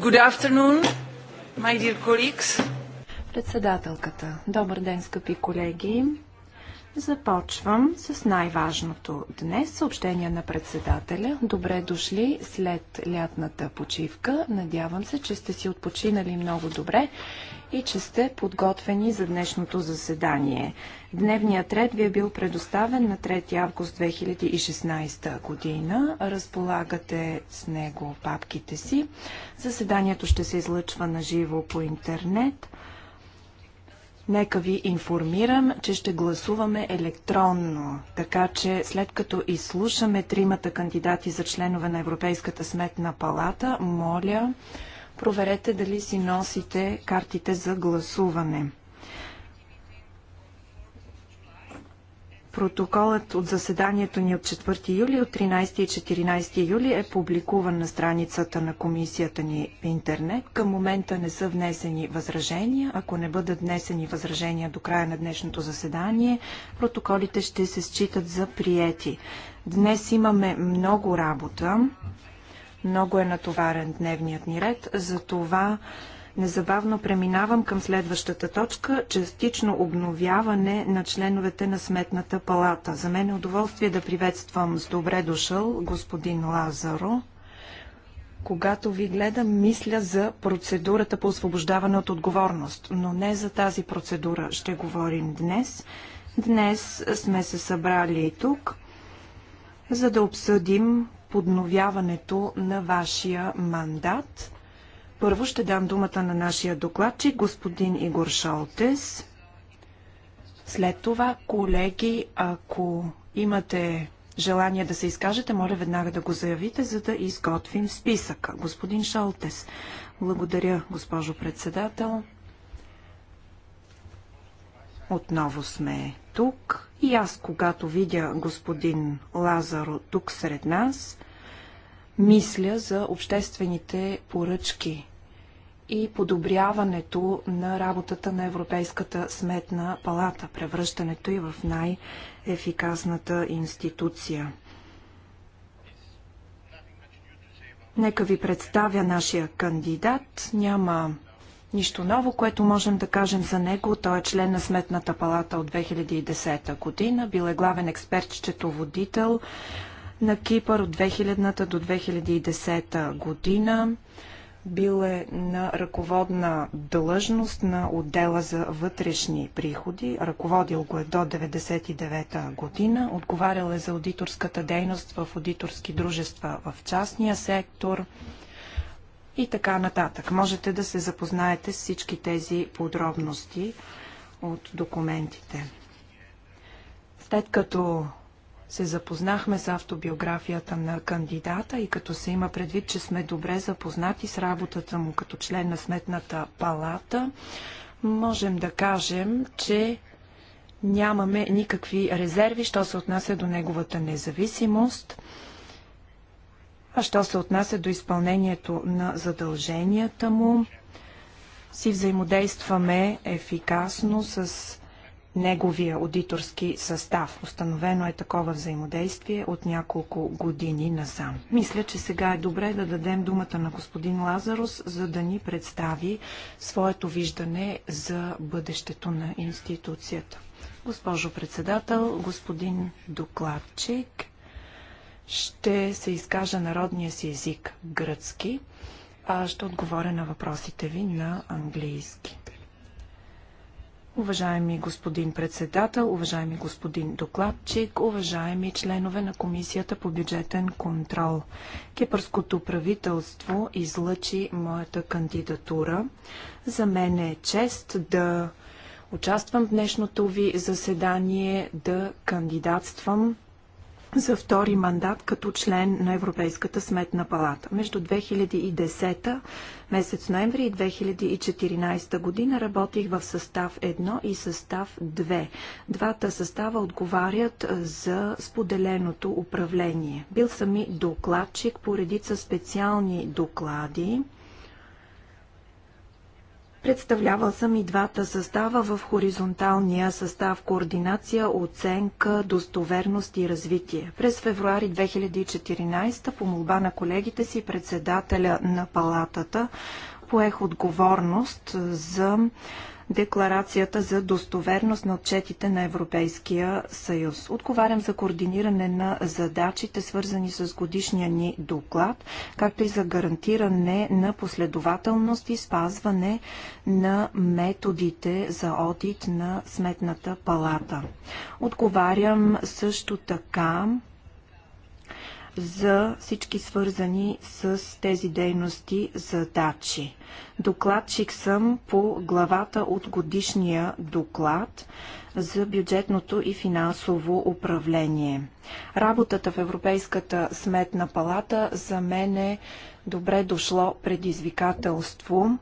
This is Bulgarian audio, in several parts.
Good afternoon, my dear colleagues. Председателката. Добър ден, скъпи колеги. Започвам с най-важното днес съобщение на председателя. Добре дошли след лятната почивка. Надявам се, че сте си отпочинали много добре и че сте подготвени за днешното заседание. Дневният ред ви е бил предоставен на 3 август 2016 година. Разполагате с него папките си. Заседанието ще се излъчва на живо по интернет. Нека ви информирам, че ще гласуваме електронно, така че след като изслушаме тримата кандидати за членове на Европейската сметна палата, моля проверете дали си носите картите за гласуване. Протоколът от заседанието ни от 4 юли, от 13 и 14 юли е публикуван на страницата на комисията ни в интернет. Към момента не са внесени възражения. Ако не бъдат внесени възражения до края на днешното заседание, протоколите ще се считат за приети. Днес имаме много работа. Много е натоварен дневният ни ред, затова незабавно преминавам към следващата точка – частично обновяване на членовете на Сметната палата. За мен е удоволствие да приветствам с добре дошъл господин Лазаро. Когато ви гледам, мисля за процедурата по освобождаване от отговорност, но не за тази процедура ще говорим днес. Днес сме се събрали и тук, за да обсъдим подновяването на вашия мандат. Първо ще дам думата на нашия докладчик, господин Игор Шолтес. След това, колеги, ако имате желание да се изкажете, моля веднага да го заявите, за да изготвим списъка. Господин Шолтес, благодаря, госпожо председател. Отново сме тук. И аз, когато видя господин Лазаро тук сред нас, мисля за обществените поръчки и подобряването на работата на Европейската сметна палата, превръщането й в най-ефикасната институция. Нека ви представя нашия кандидат. Няма Нищо ново, което можем да кажем за него. Той е член на Сметната палата от 2010 година. Бил е главен експерт, счетоводител на Кипър от 2000 до 2010 година. Бил е на ръководна длъжност на отдела за вътрешни приходи. Ръководил го е до 1999 година. Отговарял е за аудиторската дейност в аудиторски дружества в частния сектор и така нататък. Можете да се запознаете с всички тези подробности от документите. След като се запознахме с автобиографията на кандидата и като се има предвид, че сме добре запознати с работата му като член на Сметната палата, можем да кажем, че нямаме никакви резерви, що се отнася до неговата независимост – а що се отнася до изпълнението на задълженията му, си взаимодействаме ефикасно с неговия аудиторски състав. Установено е такова взаимодействие от няколко години насам. Мисля, че сега е добре да дадем думата на господин Лазарус, за да ни представи своето виждане за бъдещето на институцията. Госпожо председател, господин докладчик, ще се изкажа народния си език гръцки, а ще отговоря на въпросите ви на английски. Уважаеми господин председател, уважаеми господин докладчик, уважаеми членове на Комисията по бюджетен контрол. Кипърското правителство излъчи моята кандидатура. За мен е чест да участвам в днешното ви заседание, да кандидатствам за втори мандат като член на Европейската сметна палата. Между 2010 месец ноември и 2014 година работих в състав 1 и състав 2. Двата състава отговарят за споделеното управление. Бил съм и докладчик по редица специални доклади Представлявал съм и двата състава в хоризонталния състав координация, оценка, достоверност и развитие. През февруари 2014 по молба на колегите си председателя на палатата поех отговорност за декларацията за достоверност на отчетите на Европейския съюз. Отговарям за координиране на задачите, свързани с годишния ни доклад, както и за гарантиране на последователност и спазване на методите за одит на Сметната палата. Отговарям също така за всички свързани с тези дейности задачи. Докладчик съм по главата от годишния доклад за бюджетното и финансово управление. Работата в Европейската сметна палата за мен е добре дошло предизвикателство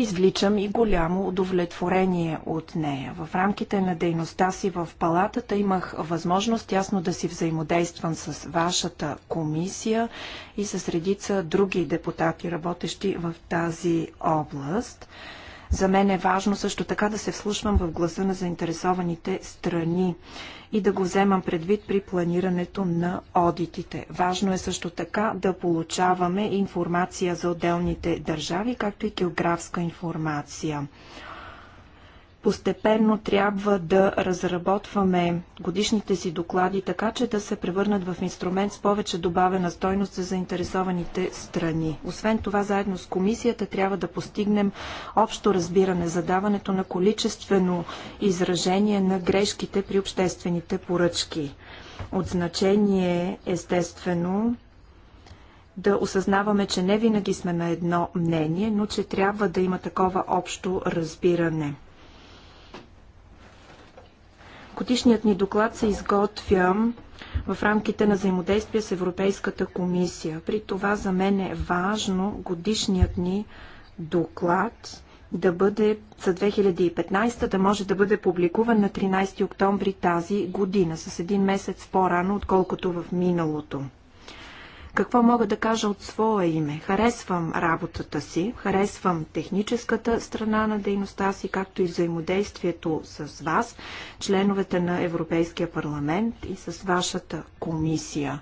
извличам и голямо удовлетворение от нея. В рамките на дейността си в палатата имах възможност ясно да си взаимодействам с вашата комисия и с редица други депутати, работещи в тази област. За мен е важно също така да се вслушвам в гласа на заинтересованите страни и да го вземам предвид при планирането на одитите. Важно е също така да получаваме информация за отделните държави, както и географска информация. Постепенно трябва да разработваме годишните си доклади, така че да се превърнат в инструмент с повече добавена стойност за заинтересованите страни. Освен това, заедно с комисията трябва да постигнем общо разбиране за даването на количествено изражение на грешките при обществените поръчки. От значение естествено да осъзнаваме, че не винаги сме на едно мнение, но че трябва да има такова общо разбиране. Годишният ни доклад се изготвя в рамките на взаимодействие с Европейската комисия. При това за мен е важно годишният ни доклад да бъде за 2015, да може да бъде публикуван на 13 октомври тази година, с един месец по-рано, отколкото в миналото. Какво мога да кажа от своя име? Харесвам работата си, харесвам техническата страна на дейността си, както и взаимодействието с вас, членовете на Европейския парламент и с вашата комисия.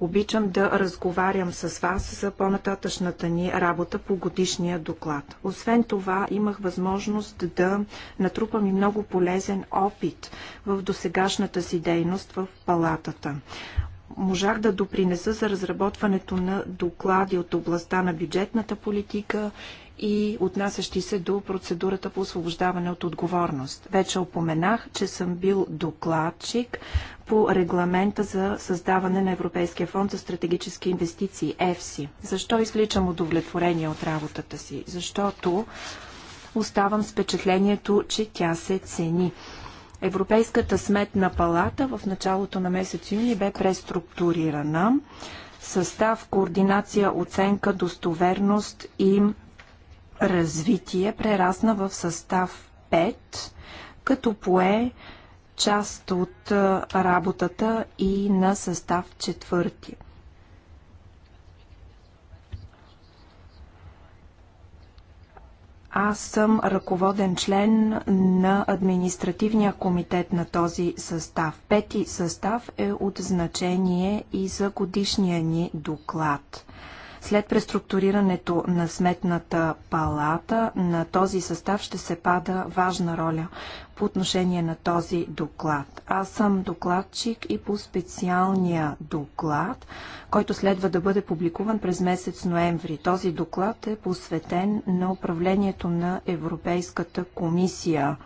Обичам да разговарям с вас за по-нататъчната ни работа по годишния доклад. Освен това, имах възможност да натрупам и много полезен опит в досегашната си дейност в палатата можах да допринеса за разработването на доклади от областта на бюджетната политика и отнасящи се до процедурата по освобождаване от отговорност. Вече опоменах, че съм бил докладчик по регламента за създаване на Европейския фонд за стратегически инвестиции ЕФСИ. Защо изличам удовлетворение от работата си? Защото оставам с впечатлението, че тя се цени. Европейската сметна палата в началото на месец юни бе преструктурирана. Състав, координация, оценка, достоверност и развитие прерасна в състав 5, като пое част от работата и на състав 4. Аз съм ръководен член на административния комитет на този състав. Пети състав е от значение и за годишния ни доклад. След преструктурирането на сметната палата, на този състав ще се пада важна роля по отношение на този доклад. Аз съм докладчик и по специалния доклад, който следва да бъде публикуван през месец ноември. Този доклад е посветен на управлението на Европейската комисия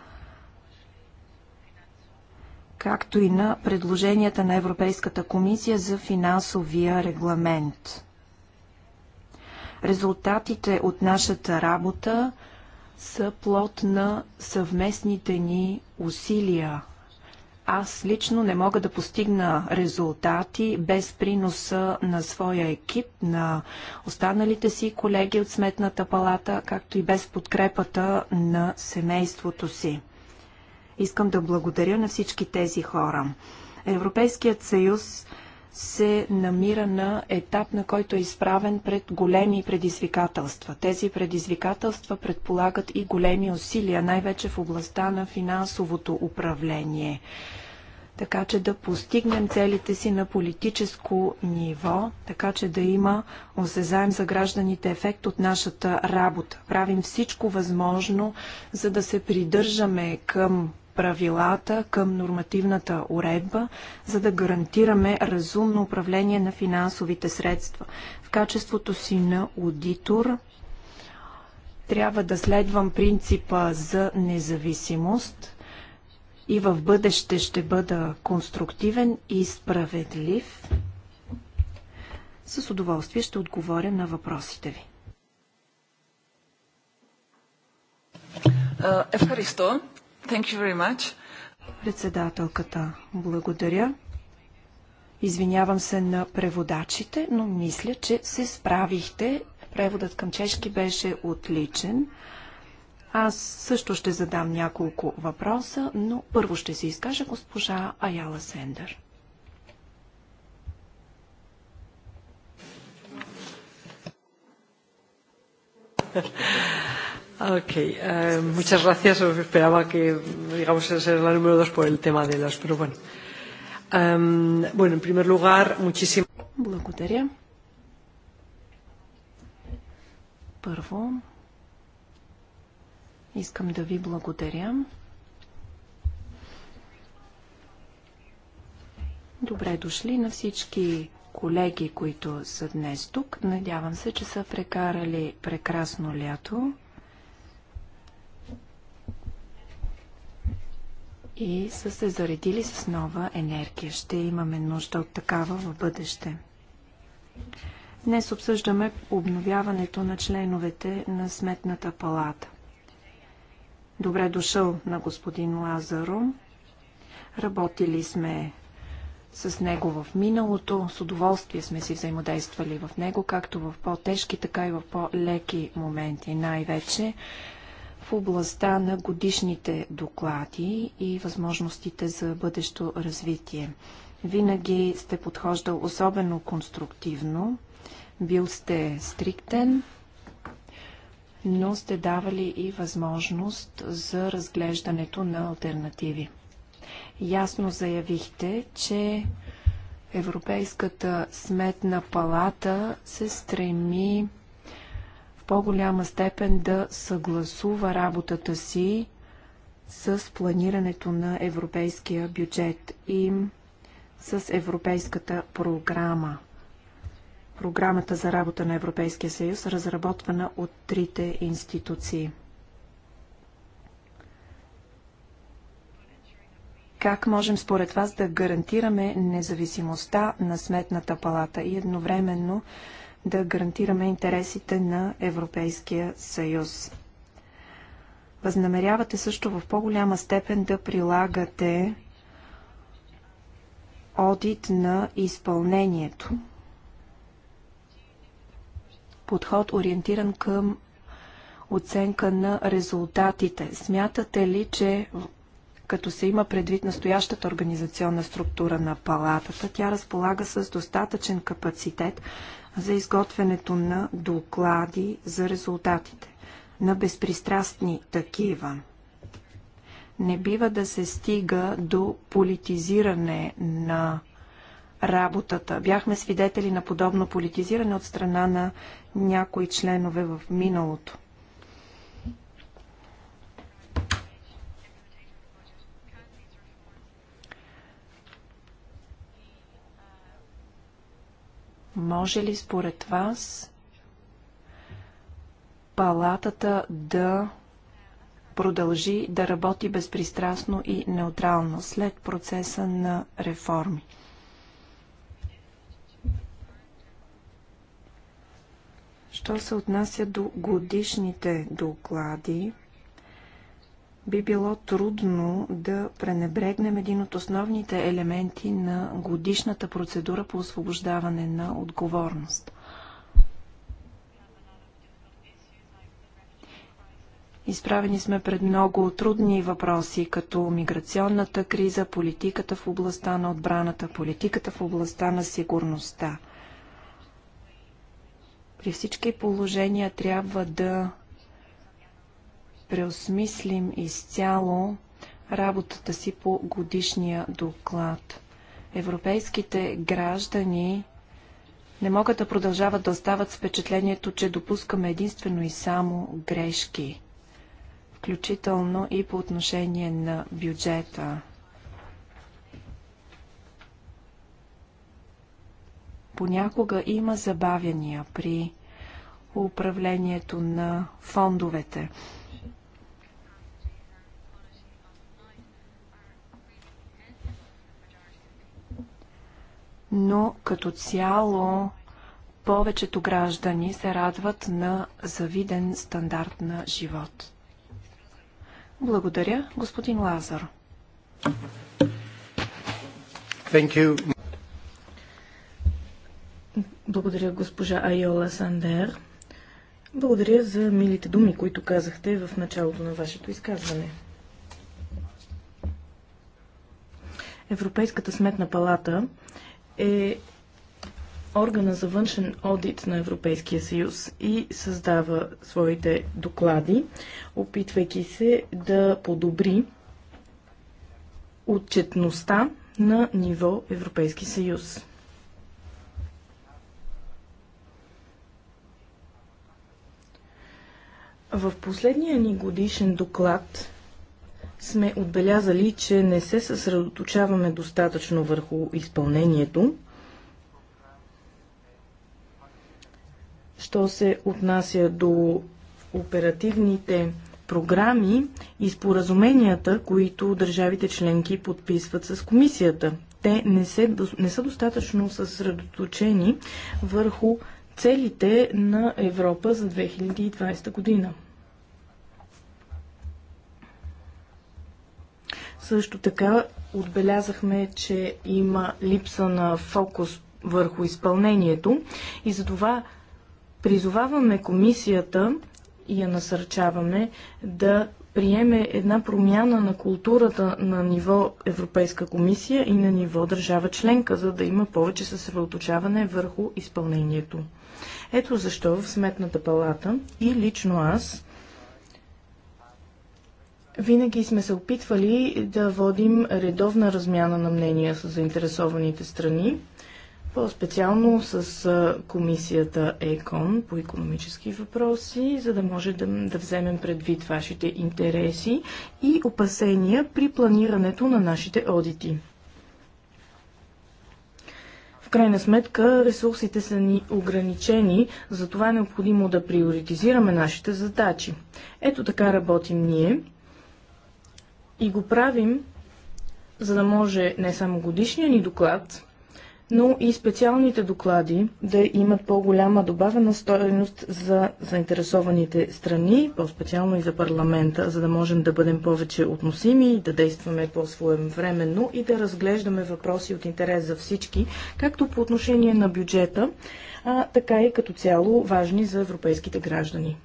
както и на предложенията на Европейската комисия за финансовия регламент. Резултатите от нашата работа са плод на съвместните ни усилия. Аз лично не мога да постигна резултати без приноса на своя екип, на останалите си колеги от Сметната палата, както и без подкрепата на семейството си. Искам да благодаря на всички тези хора. Европейският съюз се намира на етап, на който е изправен пред големи предизвикателства. Тези предизвикателства предполагат и големи усилия, най-вече в областта на финансовото управление. Така че да постигнем целите си на политическо ниво, така че да има осезаем за гражданите ефект от нашата работа. Правим всичко възможно, за да се придържаме към правилата към нормативната уредба, за да гарантираме разумно управление на финансовите средства. В качеството си на аудитор трябва да следвам принципа за независимост и в бъдеще ще бъда конструктивен и справедлив. С удоволствие ще отговоря на въпросите ви. Ευχαριστώ. Председателката, благодаря. Извинявам се на преводачите, но мисля, че се справихте. Преводът към чешки беше отличен. Аз също ще задам няколко въпроса, но първо ще се изкаже госпожа Аяла Сендър. Okay. Eh, muchas gracias. Esperaba que, digamos, ser la número dos por el tema de las, pero bueno. Um, bueno, en primer lugar, muchísimas. Благодаря. Първо, искам да ви благодаря. Добре дошли на всички колеги, които са днес тук. Надявам се, че са прекарали прекрасно лято. и са се заредили с нова енергия. Ще имаме нужда от такава в бъдеще. Днес обсъждаме обновяването на членовете на Сметната палата. Добре дошъл на господин Лазаро. Работили сме с него в миналото. С удоволствие сме си взаимодействали в него, както в по-тежки, така и в по-леки моменти. Най-вече в областта на годишните доклади и възможностите за бъдещо развитие. Винаги сте подхождал особено конструктивно, бил сте стриктен, но сте давали и възможност за разглеждането на альтернативи. Ясно заявихте, че Европейската сметна палата се стреми в по-голяма степен да съгласува работата си с планирането на европейския бюджет и с европейската програма. Програмата за работа на Европейския съюз, разработвана от трите институции. Как можем според вас да гарантираме независимостта на Сметната палата и едновременно да гарантираме интересите на Европейския съюз. Възнамерявате също в по-голяма степен да прилагате одит на изпълнението. Подход ориентиран към оценка на резултатите. Смятате ли, че като се има предвид настоящата организационна структура на палатата, тя разполага с достатъчен капацитет за изготвянето на доклади за резултатите, на безпристрастни такива. Не бива да се стига до политизиране на работата. Бяхме свидетели на подобно политизиране от страна на някои членове в миналото. Може ли според вас палатата да продължи да работи безпристрастно и неутрално след процеса на реформи? Що се отнася до годишните доклади, би било трудно да пренебрегнем един от основните елементи на годишната процедура по освобождаване на отговорност. Изправени сме пред много трудни въпроси, като миграционната криза, политиката в областта на отбраната, политиката в областта на сигурността. При всички положения трябва да преосмислим изцяло работата си по годишния доклад. Европейските граждани не могат да продължават да остават с впечатлението, че допускаме единствено и само грешки, включително и по отношение на бюджета. Понякога има забавяния при управлението на фондовете. но като цяло повечето граждани се радват на завиден стандарт на живот. Благодаря, господин Лазар. Thank you. Благодаря, госпожа Айола Сандер. Благодаря за милите думи, които казахте в началото на вашето изказване. Европейската сметна палата е органа за външен одит на Европейския съюз и създава своите доклади, опитвайки се да подобри отчетността на ниво Европейски съюз. В последния ни годишен доклад сме отбелязали, че не се съсредоточаваме достатъчно върху изпълнението. Що се отнася до оперативните програми и споразуменията, които държавите членки подписват с комисията. Те не, се, не са достатъчно съсредоточени върху целите на Европа за 2020 година. Също така отбелязахме, че има липса на фокус върху изпълнението и затова призоваваме комисията и я насърчаваме да приеме една промяна на културата на ниво Европейска комисия и на ниво държава членка, за да има повече съсредоточаване върху изпълнението. Ето защо в Сметната палата и лично аз винаги сме се опитвали да водим редовна размяна на мнения с заинтересованите страни, по-специално с комисията ЕКОН по економически въпроси, за да може да, да вземем предвид вашите интереси и опасения при планирането на нашите одити. В крайна сметка ресурсите са ни ограничени, затова е необходимо да приоритизираме нашите задачи. Ето така работим ние – и го правим, за да може не само годишния ни доклад, но и специалните доклади да имат по-голяма добавена стоеност за заинтересованите страни, по-специално и за парламента, за да можем да бъдем повече относими, да действаме по-своевременно и да разглеждаме въпроси от интерес за всички, както по отношение на бюджета, а така и като цяло важни за европейските граждани.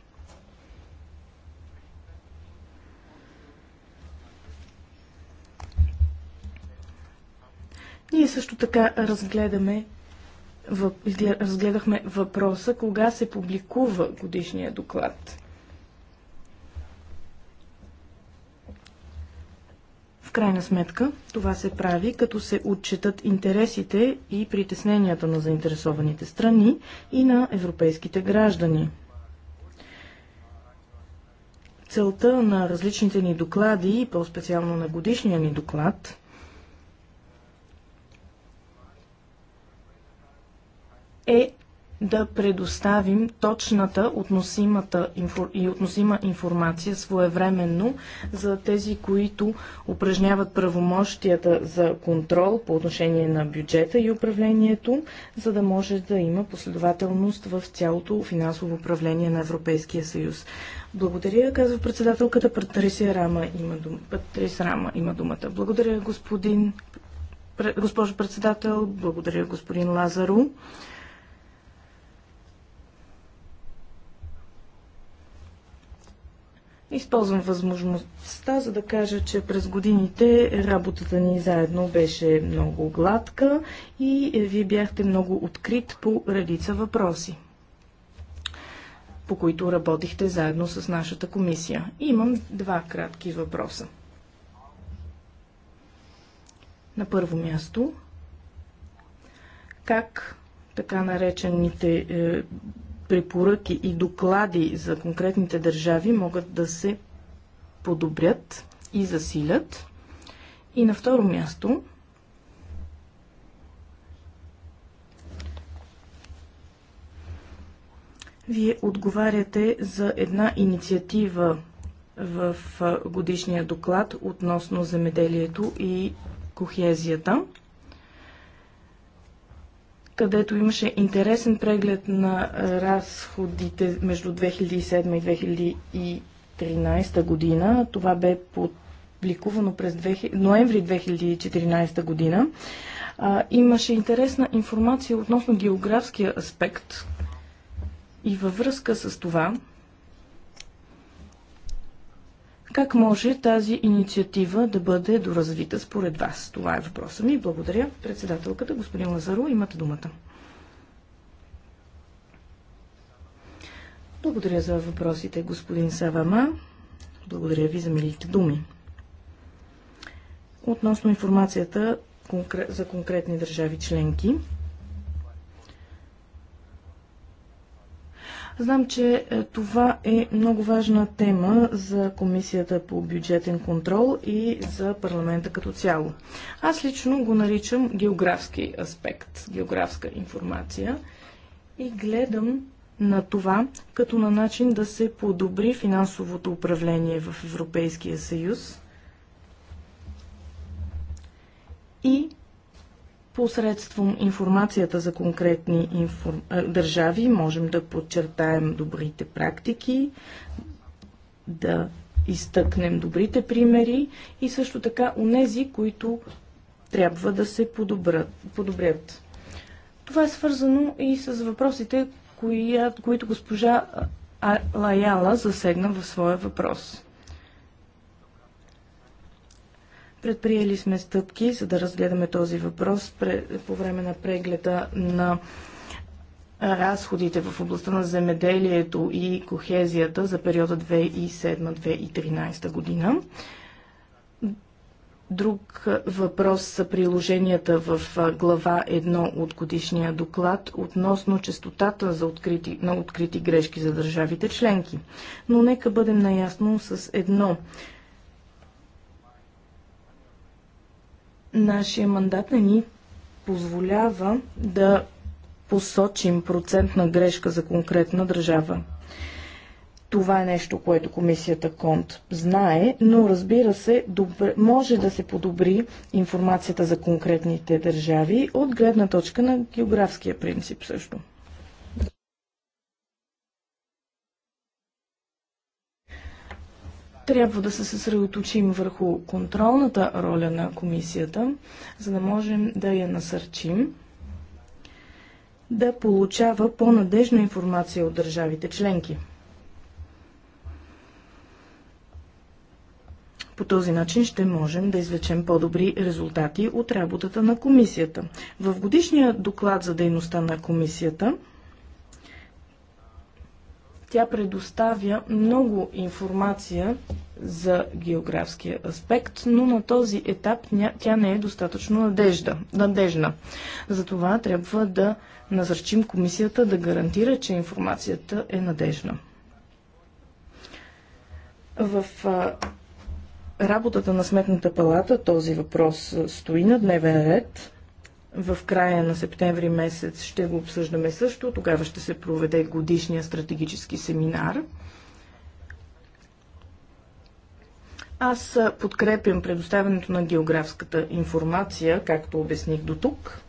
Ние също така разгледаме разгледахме въпроса кога се публикува годишния доклад. В крайна сметка това се прави, като се отчитат интересите и притесненията на заинтересованите страни и на европейските граждани. Целта на различните ни доклади и по-специално на годишния ни доклад – е да предоставим точната относимата и относима информация своевременно за тези, които упражняват правомощията за контрол по отношение на бюджета и управлението, за да може да има последователност в цялото финансово управление на Европейския съюз. Благодаря, казва председателката. Патрисия Рама има, дум... Патрис Рама има думата. Благодаря, господин... госпожо председател. Благодаря, господин Лазаро. Използвам възможността, за да кажа, че през годините работата ни заедно беше много гладка и вие бяхте много открит по редица въпроси, по които работихте заедно с нашата комисия. имам два кратки въпроса. На първо място, как така наречените е, препоръки и доклади за конкретните държави могат да се подобрят и засилят. И на второ място Вие отговаряте за една инициатива в годишния доклад относно земеделието и кохезията където имаше интересен преглед на разходите между 2007 и 2013 година. Това бе публикувано през 2000, ноември 2014 година. А, имаше интересна информация относно географския аспект и във връзка с това как може тази инициатива да бъде доразвита според вас? Това е въпросът ми. Благодаря. Председателката, господин Лазаро, имате думата. Благодаря за въпросите, господин Савама. Благодаря ви за милите думи. Относно информацията за конкретни държави членки, Знам, че е, това е много важна тема за Комисията по бюджетен контрол и за парламента като цяло. Аз лично го наричам географски аспект, географска информация и гледам на това като на начин да се подобри финансовото управление в Европейския съюз и Посредством информацията за конкретни инфор... държави можем да подчертаем добрите практики, да изтъкнем добрите примери и също така онези, които трябва да се подобрят. подобрят. Това е свързано и с въпросите, коя, които госпожа Лаяла засегна в своя въпрос. Предприели сме стъпки, за да разгледаме този въпрос по време на прегледа на разходите в областта на земеделието и кохезията за периода 2007-2013 година. Друг въпрос са приложенията в глава 1 от годишния доклад относно частотата за открити, на открити грешки за държавите членки. Но нека бъдем наясно с едно – Нашия мандат не ни позволява да посочим процентна грешка за конкретна държава. Това е нещо, което комисията Конт знае, но разбира се, добре, може да се подобри информацията за конкретните държави от гледна точка на географския принцип също. Трябва да се съсредоточим върху контролната роля на комисията, за да можем да я насърчим да получава по-надежна информация от държавите членки. По този начин ще можем да извлечем по-добри резултати от работата на комисията. В годишния доклад за дейността на комисията – тя предоставя много информация за географския аспект, но на този етап тя не е достатъчно надежда, надежна. Затова трябва да назърчим комисията да гарантира, че информацията е надежна. В работата на Сметната палата този въпрос стои на дневен ред. В края на септември месец ще го обсъждаме също. Тогава ще се проведе годишния стратегически семинар. Аз подкрепям предоставянето на географската информация, както обясних до тук.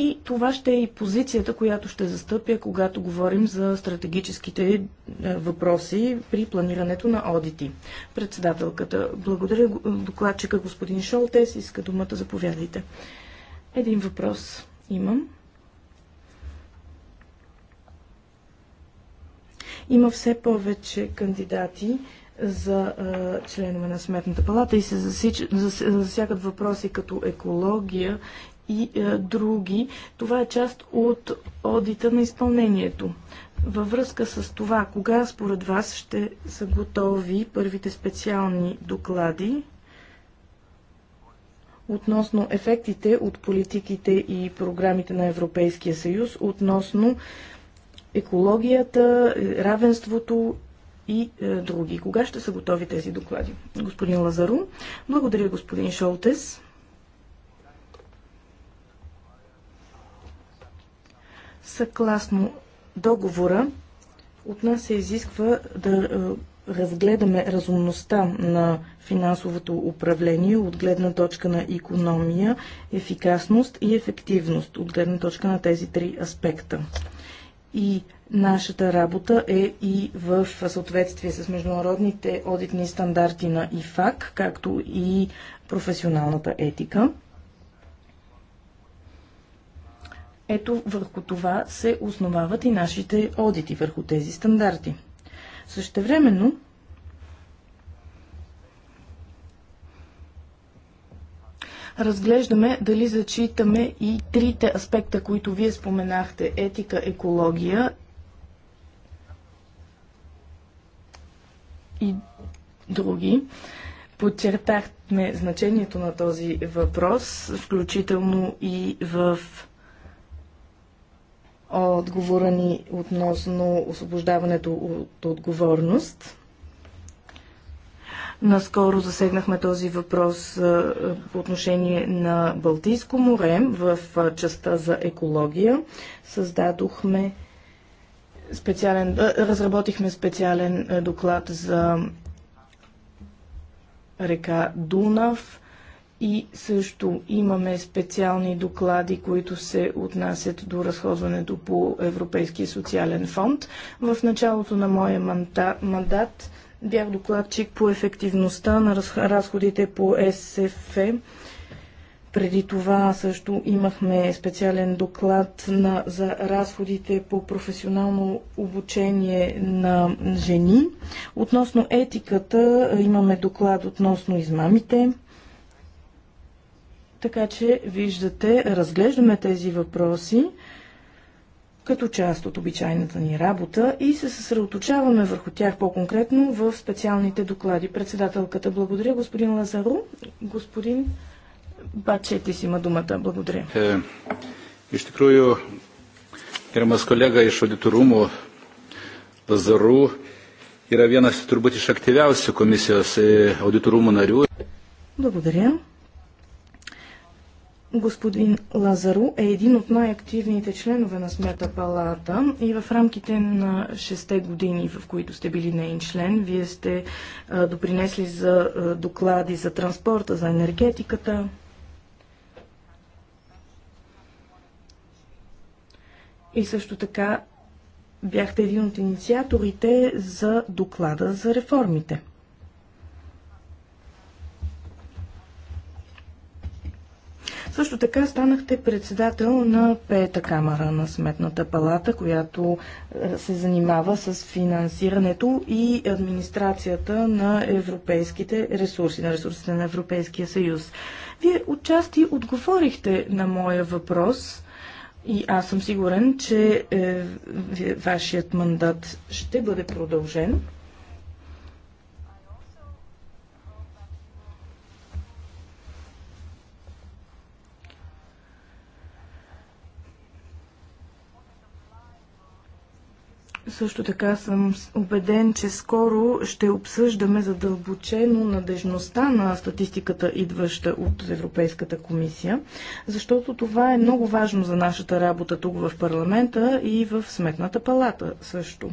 И това ще е и позицията, която ще застъпя, когато говорим за стратегическите е, въпроси при планирането на одити. Председателката, благодаря докладчика господин Шолтес, иска думата, заповядайте. Един въпрос имам. Има все повече кандидати за членове на Сметната палата и се засичат, засягат въпроси като екология и е, други. Това е част от одита на изпълнението. Във връзка с това, кога според вас ще са готови първите специални доклади относно ефектите от политиките и програмите на Европейския съюз, относно екологията, равенството и е, други. Кога ще са готови тези доклади? Господин Лазаро, благодаря господин Шолтес. Съгласно договора, от нас се изисква да е, разгледаме разумността на финансовото управление от гледна точка на економия, ефикасност и ефективност, от гледна точка на тези три аспекта. И нашата работа е и в съответствие с международните одитни стандарти на ИФАК, както и професионалната етика. Ето върху това се основават и нашите одити върху тези стандарти. Същевременно, разглеждаме дали зачитаме и трите аспекта, които вие споменахте етика, екология и други. Подчертахме значението на този въпрос, включително и в отговора ни относно освобождаването от отговорност. Наскоро засегнахме този въпрос по отношение на Балтийско море в частта за екология. Създадохме специален, разработихме специален доклад за река Дунав. И също имаме специални доклади, които се отнасят до разходването по Европейския социален фонд. В началото на моя мандат бях докладчик по ефективността на разходите по СФ. Преди това също имахме специален доклад на, за разходите по професионално обучение на жени. Относно етиката имаме доклад относно измамите. Така че, виждате, разглеждаме тези въпроси като част от обичайната ни работа и се съсредоточаваме върху тях по-конкретно в специалните доклади. Председателката, благодаря господин Лазаро. Господин Бачети си има думата. Благодаря. Iš tikrųjų, gerbiamas kolega iš auditorumų Lazarų yra vienas turbūt iš aktyviausių komisijos auditorumų narių. Благодаря. Господин Лазаро е един от най-активните членове на Смета палата и в рамките на 6 години, в които сте били нейн член, вие сте допринесли за доклади за транспорта, за енергетиката. И също така бяхте един от инициаторите за доклада за реформите. Също така станахте председател на Пета камера на Сметната палата, която е, се занимава с финансирането и администрацията на европейските ресурси, на ресурсите на Европейския съюз. Вие отчасти отговорихте на моя въпрос. И аз съм сигурен, че е, вашият мандат ще бъде продължен. Също така съм убеден, че скоро ще обсъждаме задълбочено надежността на статистиката, идваща от Европейската комисия, защото това е много важно за нашата работа тук в парламента и в Сметната палата също.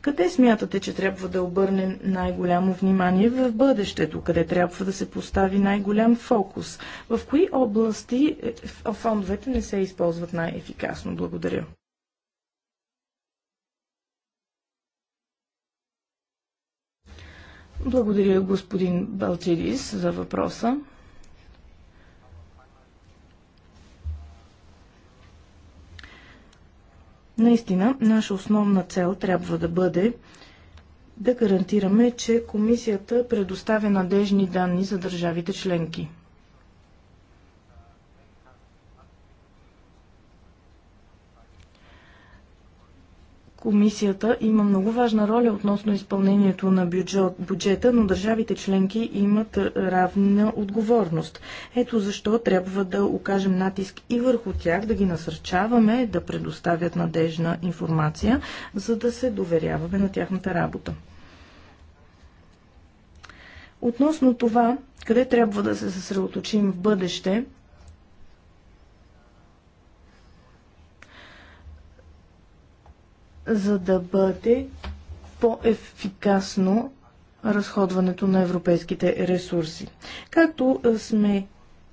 Къде смятате, че трябва да обърнем най-голямо внимание в бъдещето? Къде трябва да се постави най-голям фокус? В кои области е, фондовете не се използват най-ефикасно? Благодаря. Благодаря господин Балтирис, за въпроса. Наистина, наша основна цел трябва да бъде да гарантираме, че комисията предоставя надежни данни за държавите членки. Комисията има много важна роля относно изпълнението на бюджет, бюджета, но държавите членки имат равна отговорност. Ето защо трябва да окажем натиск и върху тях, да ги насърчаваме да предоставят надежна информация, за да се доверяваме на тяхната работа. Относно това, къде трябва да се съсредоточим в бъдеще, за да бъде по-ефикасно разходването на европейските ресурси. Както сме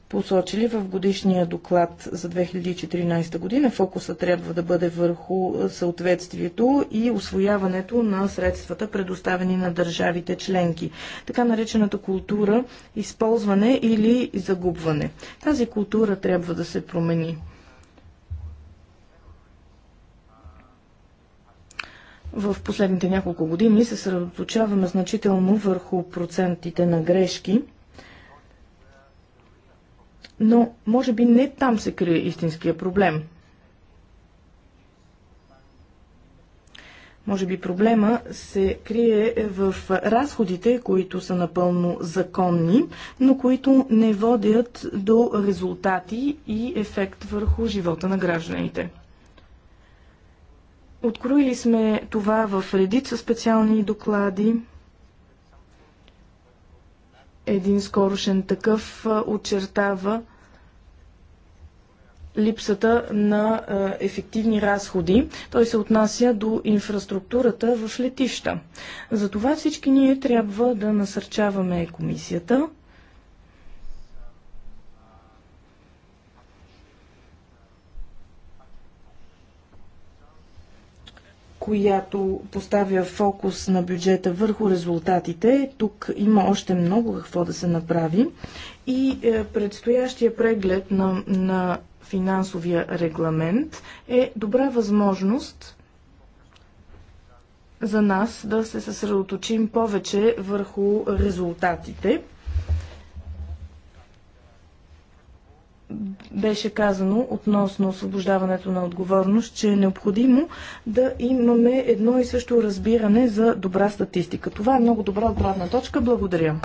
посочили в годишния доклад за 2014 година, фокуса трябва да бъде върху съответствието и освояването на средствата, предоставени на държавите членки. Така наречената култура използване или загубване. Тази култура трябва да се промени. В последните няколко години се съсредоточаваме значително върху процентите на грешки, но може би не там се крие истинския проблем. Може би проблема се крие в разходите, които са напълно законни, но които не водят до резултати и ефект върху живота на гражданите. Откроили сме това в редица специални доклади. Един скорошен такъв очертава липсата на ефективни разходи. Той се отнася до инфраструктурата в летища. Затова всички ние трябва да насърчаваме комисията която поставя фокус на бюджета върху резултатите. Тук има още много какво да се направи и е, предстоящия преглед на, на финансовия регламент е добра възможност за нас да се съсредоточим повече върху резултатите беше казано относно освобождаването на отговорност, че е необходимо да имаме едно и също разбиране за добра статистика. Това е много добра отправна точка. Благодаря.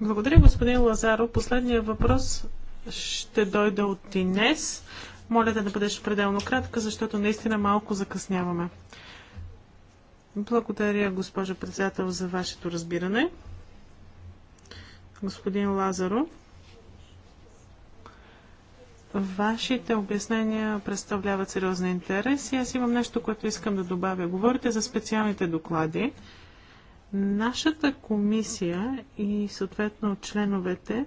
Благодаря, господин Лазаро. Последният въпрос ще дойде от Инес. Моля да не бъдеш пределно кратка, защото наистина малко закъсняваме. Благодаря, госпожо председател, за вашето разбиране. Господин Лазаро. Вашите обяснения представляват сериозен интерес и аз имам нещо, което искам да добавя. Говорите за специалните доклади. Нашата комисия и съответно членовете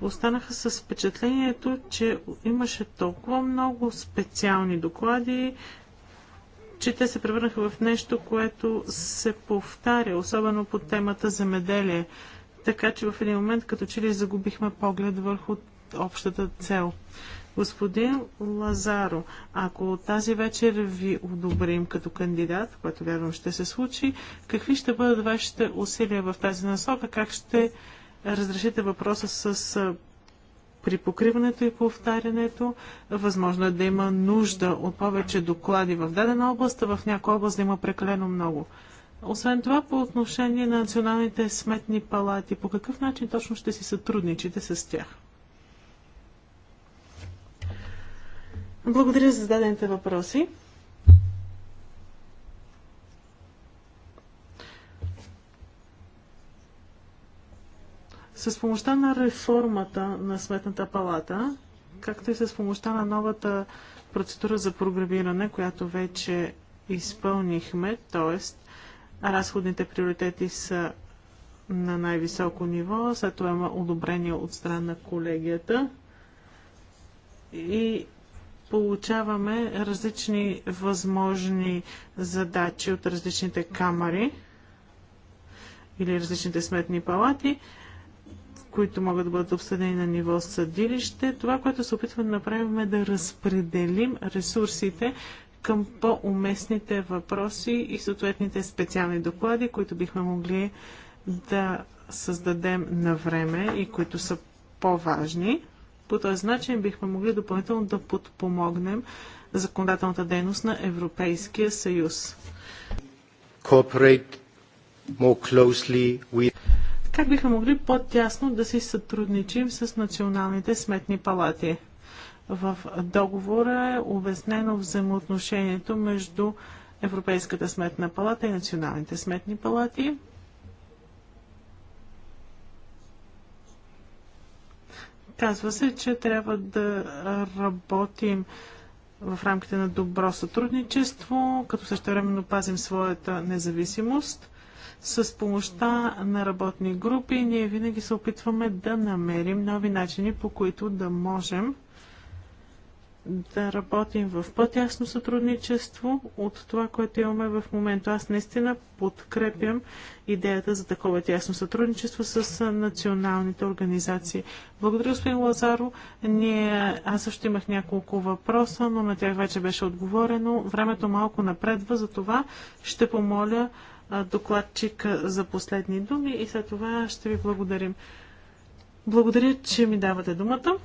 останаха с впечатлението, че имаше толкова много специални доклади, че те се превърнаха в нещо, което се повтаря, особено по темата земеделие. Така че в един момент като че ли загубихме поглед върху общата цел. Господин Лазаро, ако тази вечер ви одобрим като кандидат, което вярвам ще се случи, какви ще бъдат вашите усилия в тази насока? Как ще разрешите въпроса с при покриването и повтарянето. Възможно е да има нужда от повече доклади в дадена област, а в някоя област да има прекалено много. Освен това, по отношение на националните сметни палати, по какъв начин точно ще си сътрудничите с тях? Благодаря за зададените въпроси. С помощта на реформата на Сметната палата, както и с помощта на новата процедура за програмиране, която вече изпълнихме, т.е. разходните приоритети са на най-високо ниво, след това има одобрение от страна на колегията и получаваме различни възможни задачи от различните камери или различните сметни палати, които могат да бъдат обсъдени на ниво съдилище. Това, което се опитваме да направим е да разпределим ресурсите към по-уместните въпроси и съответните специални доклади, които бихме могли да създадем на време и които са по-важни. По този начин бихме могли допълнително да подпомогнем законодателната дейност на Европейския съюз. Как бихме могли по-тясно да си сътрудничим с националните сметни палати? В договора е обяснено взаимоотношението между Европейската сметна палата и националните сметни палати. Казва се, че трябва да работим в рамките на добро сътрудничество, като времено пазим своята независимост. С помощта на работни групи ние винаги се опитваме да намерим нови начини, по които да можем да работим в по-тясно сътрудничество от това, което имаме в момента. Аз наистина подкрепям идеята за такова тясно сътрудничество с националните организации. Благодаря, господин Лазаро. Ние, аз също имах няколко въпроса, но на тях вече беше отговорено. Времето малко напредва, за това ще помоля докладчик за последни думи и след това ще ви благодарим. Благодаря, че ми давате думата.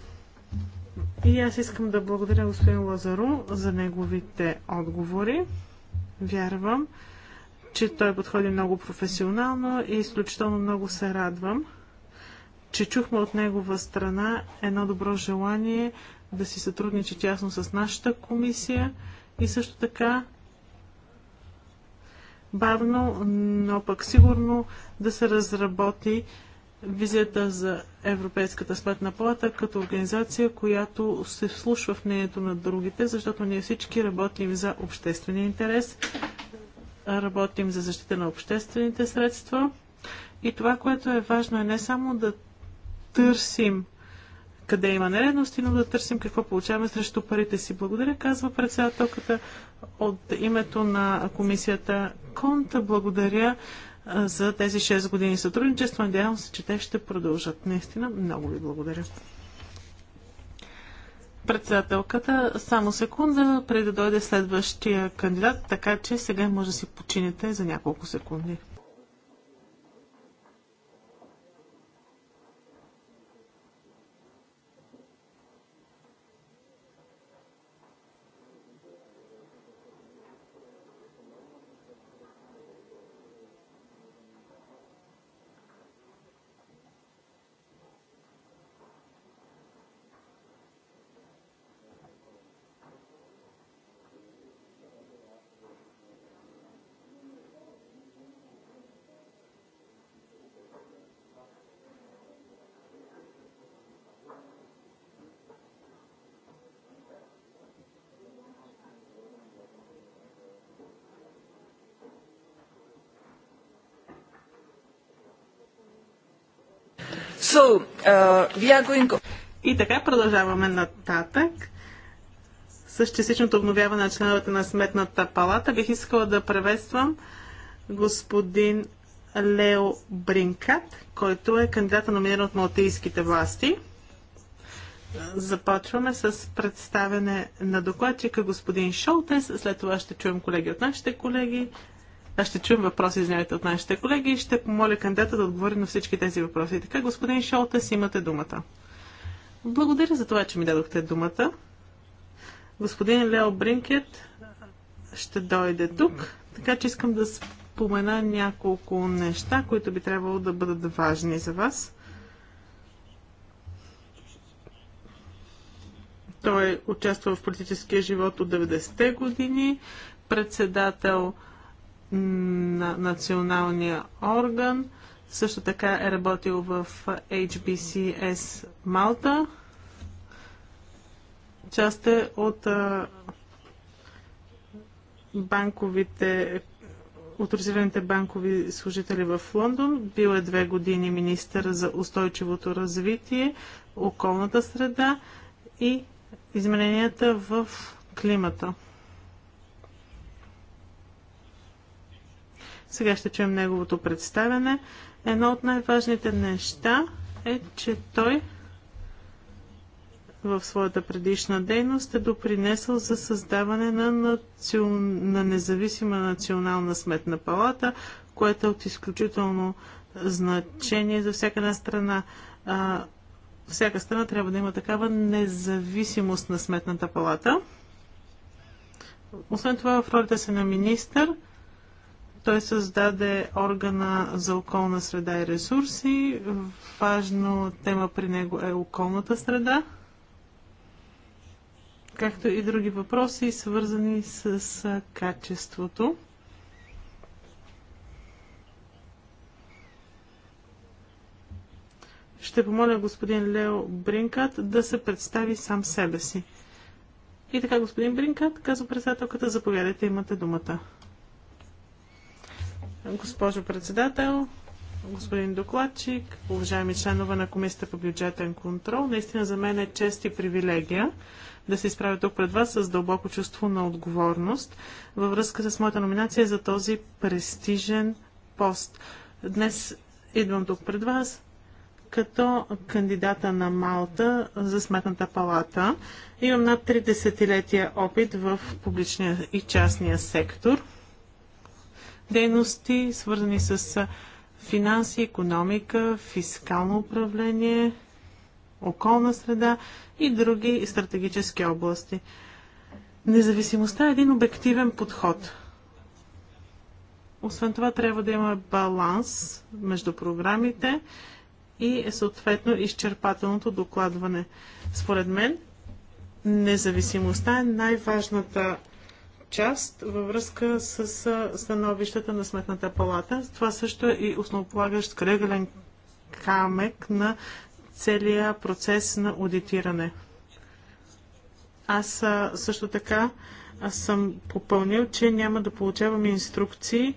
И аз искам да благодаря господин Лазаро за неговите отговори. Вярвам, че той подходи много професионално и изключително много се радвам, че чухме от негова страна едно добро желание да си сътрудничи тясно с нашата комисия и също така бавно, но пък сигурно да се разработи визията за Европейската сметна палата като организация, която се вслушва в мнението на другите, защото ние всички работим за обществения интерес, работим за защита на обществените средства. И това, което е важно е не само да търсим къде има нередности, но да търсим какво получаваме срещу парите си. Благодаря, казва председателката от името на комисията Конта. Благодаря за тези 6 години сътрудничество. Надявам се, че те ще продължат. Наистина, много ви благодаря. Председателката, само секунда, преди да дойде следващия кандидат, така че сега може да си починете за няколко секунди. So, uh, we are going... И така продължаваме нататък. С частичното обновяване на членовете на Сметната палата бих искала да приветствам господин Лео Бринкат, който е кандидата номиниран от малтийските власти. Започваме с представяне на докладчика господин Шолтес, след това ще чуем колеги от нашите колеги, аз ще чуем въпроси, извинявайте, от нашите колеги и ще помоля кандидата да отговори на всички тези въпроси. Така, господин Шолтес, имате думата. Благодаря за това, че ми дадохте думата. Господин Лео Бринкет ще дойде тук, така че искам да спомена няколко неща, които би трябвало да бъдат важни за вас. Той участва в политическия живот от 90-те години, председател на националния орган. Също така е работил в HBCS Малта. Част е от банковите оторизираните банкови служители в Лондон. Бил е две години министър за устойчивото развитие, околната среда и измененията в климата. Сега ще чуем неговото представяне. Едно от най-важните неща е, че той в своята предишна дейност е допринесъл за създаване на, наци... на независима национална сметна палата, което е от изключително значение за всяка една страна. А, всяка страна трябва да има такава независимост на сметната палата. Освен това, в ролята се на министър – той създаде органа за околна среда и ресурси. Важно тема при него е околната среда, както и други въпроси, свързани с качеството. Ще помоля господин Лео Бринкат да се представи сам себе си. И така, господин Бринкат, казва председателката, заповядайте, имате думата. Госпожо председател, господин докладчик, уважаеми членове на Комисията по бюджетен контрол, наистина за мен е чест и привилегия да се изправя тук пред вас с дълбоко чувство на отговорност във връзка с моята номинация за този престижен пост. Днес идвам тук пред вас като кандидата на Малта за Сметната палата. Имам над 30 летия опит в публичния и частния сектор – дейности, свързани с финанси, економика, фискално управление, околна среда и други стратегически области. Независимостта е един обективен подход. Освен това трябва да има баланс между програмите и съответно изчерпателното докладване. Според мен, независимостта е най-важната част във връзка с становищата на Сметната палата. Това също е и основополагащ кръгълен камък на целия процес на аудитиране. Аз също така аз съм попълнил, че няма да получаваме инструкции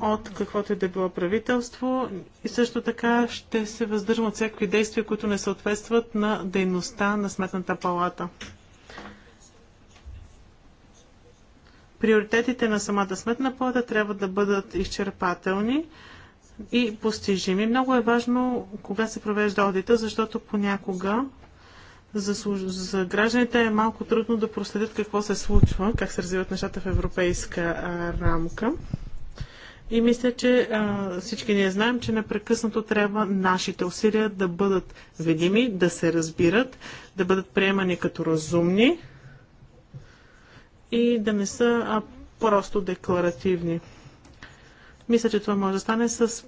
от каквото и е да било правителство и също така ще се въздържам от всякакви действия, които не съответстват на дейността на Сметната палата. приоритетите на самата сметна плата трябва да бъдат изчерпателни и постижими. Много е важно кога се провежда одита, защото понякога за, за гражданите е малко трудно да проследят какво се случва, как се развиват нещата в европейска а, рамка. И мисля, че а, всички ние знаем, че непрекъснато трябва нашите усилия да бъдат видими, да се разбират, да бъдат приемани като разумни, и да не са а, просто декларативни. Мисля, че това може да стане с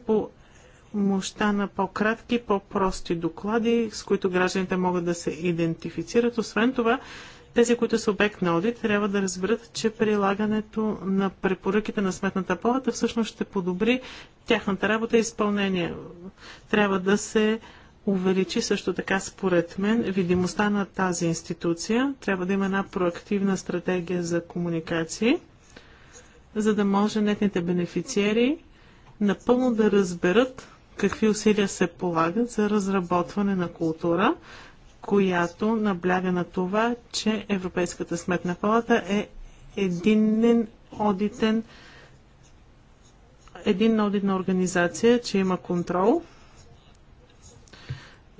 помощта на по-кратки, по-прости доклади, с които гражданите могат да се идентифицират. Освен това, тези, които са обект на аудит, трябва да разберат, че прилагането на препоръките на Сметната палата всъщност ще подобри тяхната работа и изпълнение. Трябва да се увеличи също така, според мен, видимостта на тази институция. Трябва да има една проактивна стратегия за комуникации, за да може нетните бенефициери напълно да разберат какви усилия се полагат за разработване на култура, която набляга на това, че Европейската сметна палата е единен одитен един одитна организация, че има контрол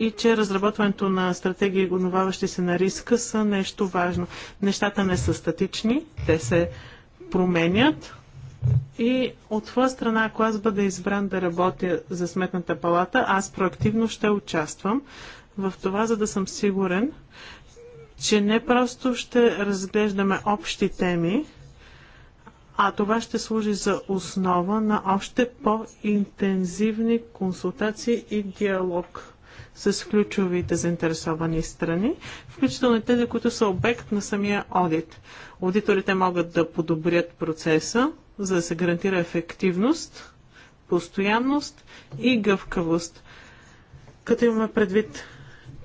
и че разработването на стратегии, гоноваващи се на риска, са нещо важно. Нещата не са статични, те се променят. И от твоя страна, ако аз бъда избран да работя за Сметната палата, аз проактивно ще участвам в това, за да съм сигурен, че не просто ще разглеждаме общи теми, а това ще служи за основа на още по-интензивни консултации и диалог с ключовите заинтересовани страни, включително и тези, които са обект на самия одит. Аудиторите могат да подобрят процеса, за да се гарантира ефективност, постоянност и гъвкавост. Като имаме предвид,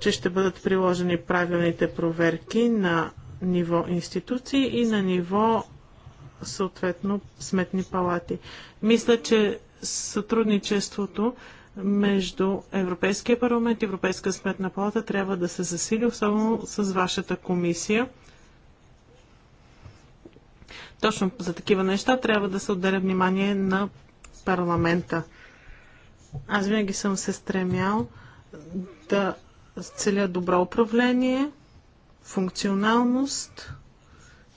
че ще бъдат приложени правилните проверки на ниво институции и на ниво съответно сметни палати. Мисля, че сътрудничеството между Европейския парламент и Европейска сметна палата трябва да се засили, особено с вашата комисия. Точно за такива неща трябва да се отделя внимание на парламента. Аз винаги съм се стремял да целя добро управление, функционалност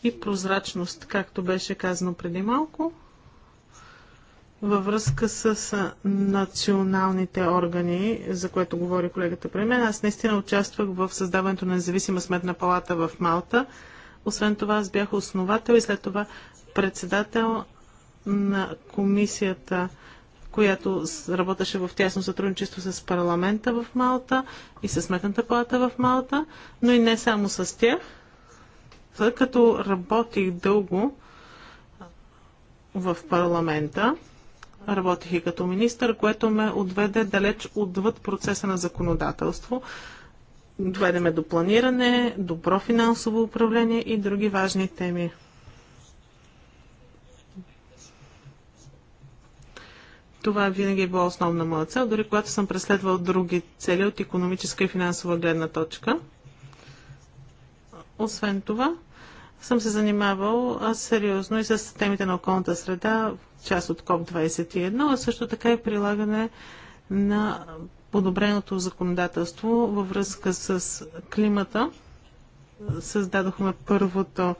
и прозрачност, както беше казано преди малко във връзка с националните органи, за което говори колегата при мен. Аз наистина участвах в създаването на независима сметна палата в Малта. Освен това, аз бях основател и след това председател на комисията, която работеше в тясно сътрудничество с парламента в Малта и с сметната палата в Малта, но и не само с тях. След като работих дълго в парламента, Работих и като министър, което ме отведе далеч отвъд процеса на законодателство. Доведе ме до планиране, добро финансово управление и други важни теми. Това винаги е било основна моя цел, дори когато съм преследвал други цели от економическа и финансова гледна точка. Освен това, съм се занимавал сериозно и с темите на околната среда, част от КОП-21, а също така и прилагане на подобреното законодателство във връзка с климата. Създадохме първото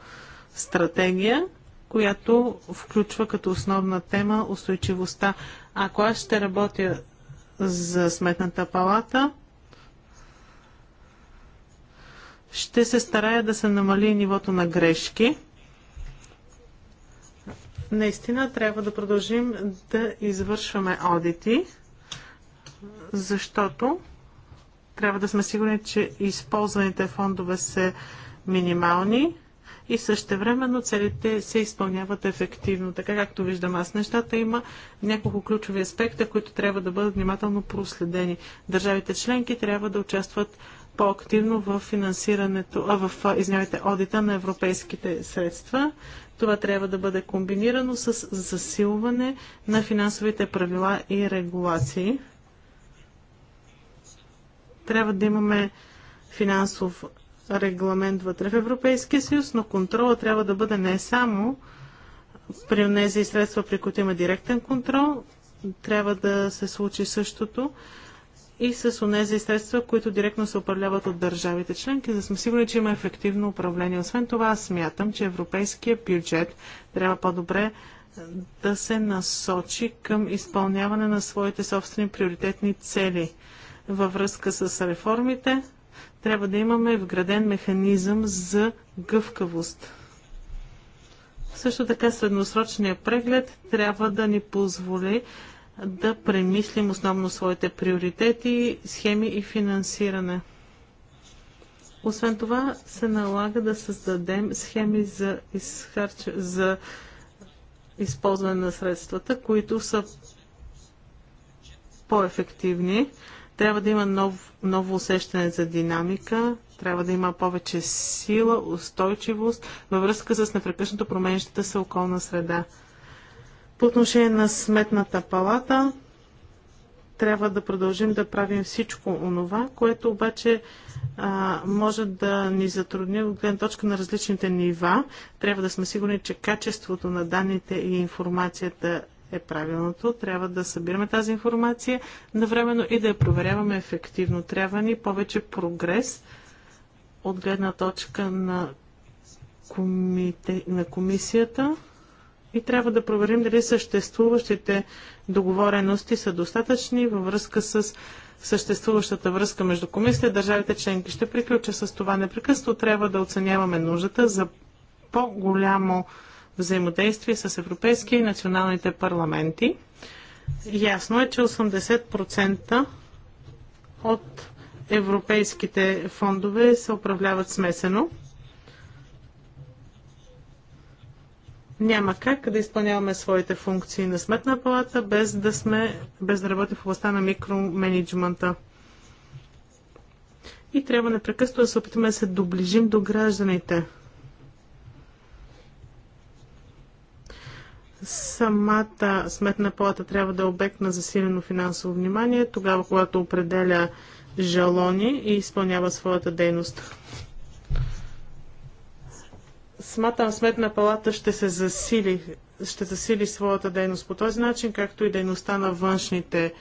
стратегия, която включва като основна тема устойчивостта. Ако аз ще работя за сметната палата, ще се старая да се намали нивото на грешки. Наистина трябва да продължим да извършваме одити, защото трябва да сме сигурни, че използваните фондове са минимални и същевременно целите се изпълняват ефективно. Така както виждам аз нещата, има няколко ключови аспекта, които трябва да бъдат внимателно проследени. Държавите членки трябва да участват по-активно в финансирането, а в, извинявайте, одита на европейските средства. Това трябва да бъде комбинирано с засилване на финансовите правила и регулации. Трябва да имаме финансов регламент вътре в Европейския съюз, но контрола трябва да бъде не само при тези средства, при които има директен контрол, трябва да се случи същото и с онези средства, които директно се управляват от държавите членки, за да сме сигурни, че има ефективно управление. Освен това, аз смятам, че европейския бюджет трябва по-добре е, да се насочи към изпълняване на своите собствени приоритетни цели. Във връзка с реформите, трябва да имаме вграден механизъм за гъвкавост. Също така средносрочният преглед трябва да ни позволи да премислим основно своите приоритети, схеми и финансиране. Освен това, се налага да създадем схеми за, изхарч... за използване на средствата, които са по-ефективни. Трябва да има нов, ново усещане за динамика, трябва да има повече сила, устойчивост във връзка с непрекъснато променящата се околна среда. По отношение на сметната палата, трябва да продължим да правим всичко онова, което обаче а, може да ни затрудни от гледна точка на различните нива. Трябва да сме сигурни, че качеството на данните и информацията е правилното. Трябва да събираме тази информация навременно и да я проверяваме ефективно. Трябва ни повече прогрес от гледна точка на, комите, на комисията и трябва да проверим дали съществуващите договорености са достатъчни във връзка с съществуващата връзка между комисията и държавите членки. Ще приключа с това. Непрекъсто трябва да оценяваме нуждата за по-голямо взаимодействие с европейски и националните парламенти. Ясно е, че 80% от европейските фондове се управляват смесено. Няма как да изпълняваме своите функции на сметна палата, без да, сме, без да работим в областта на микроменеджмента. И трябва непрекъснато да се опитаме да се доближим до гражданите. самата сметна палата трябва да е обект на засилено финансово внимание, тогава когато определя жалони и изпълнява своята дейност смятам, сметна палата ще се засили, ще засили своята дейност по този начин, както и дейността на външните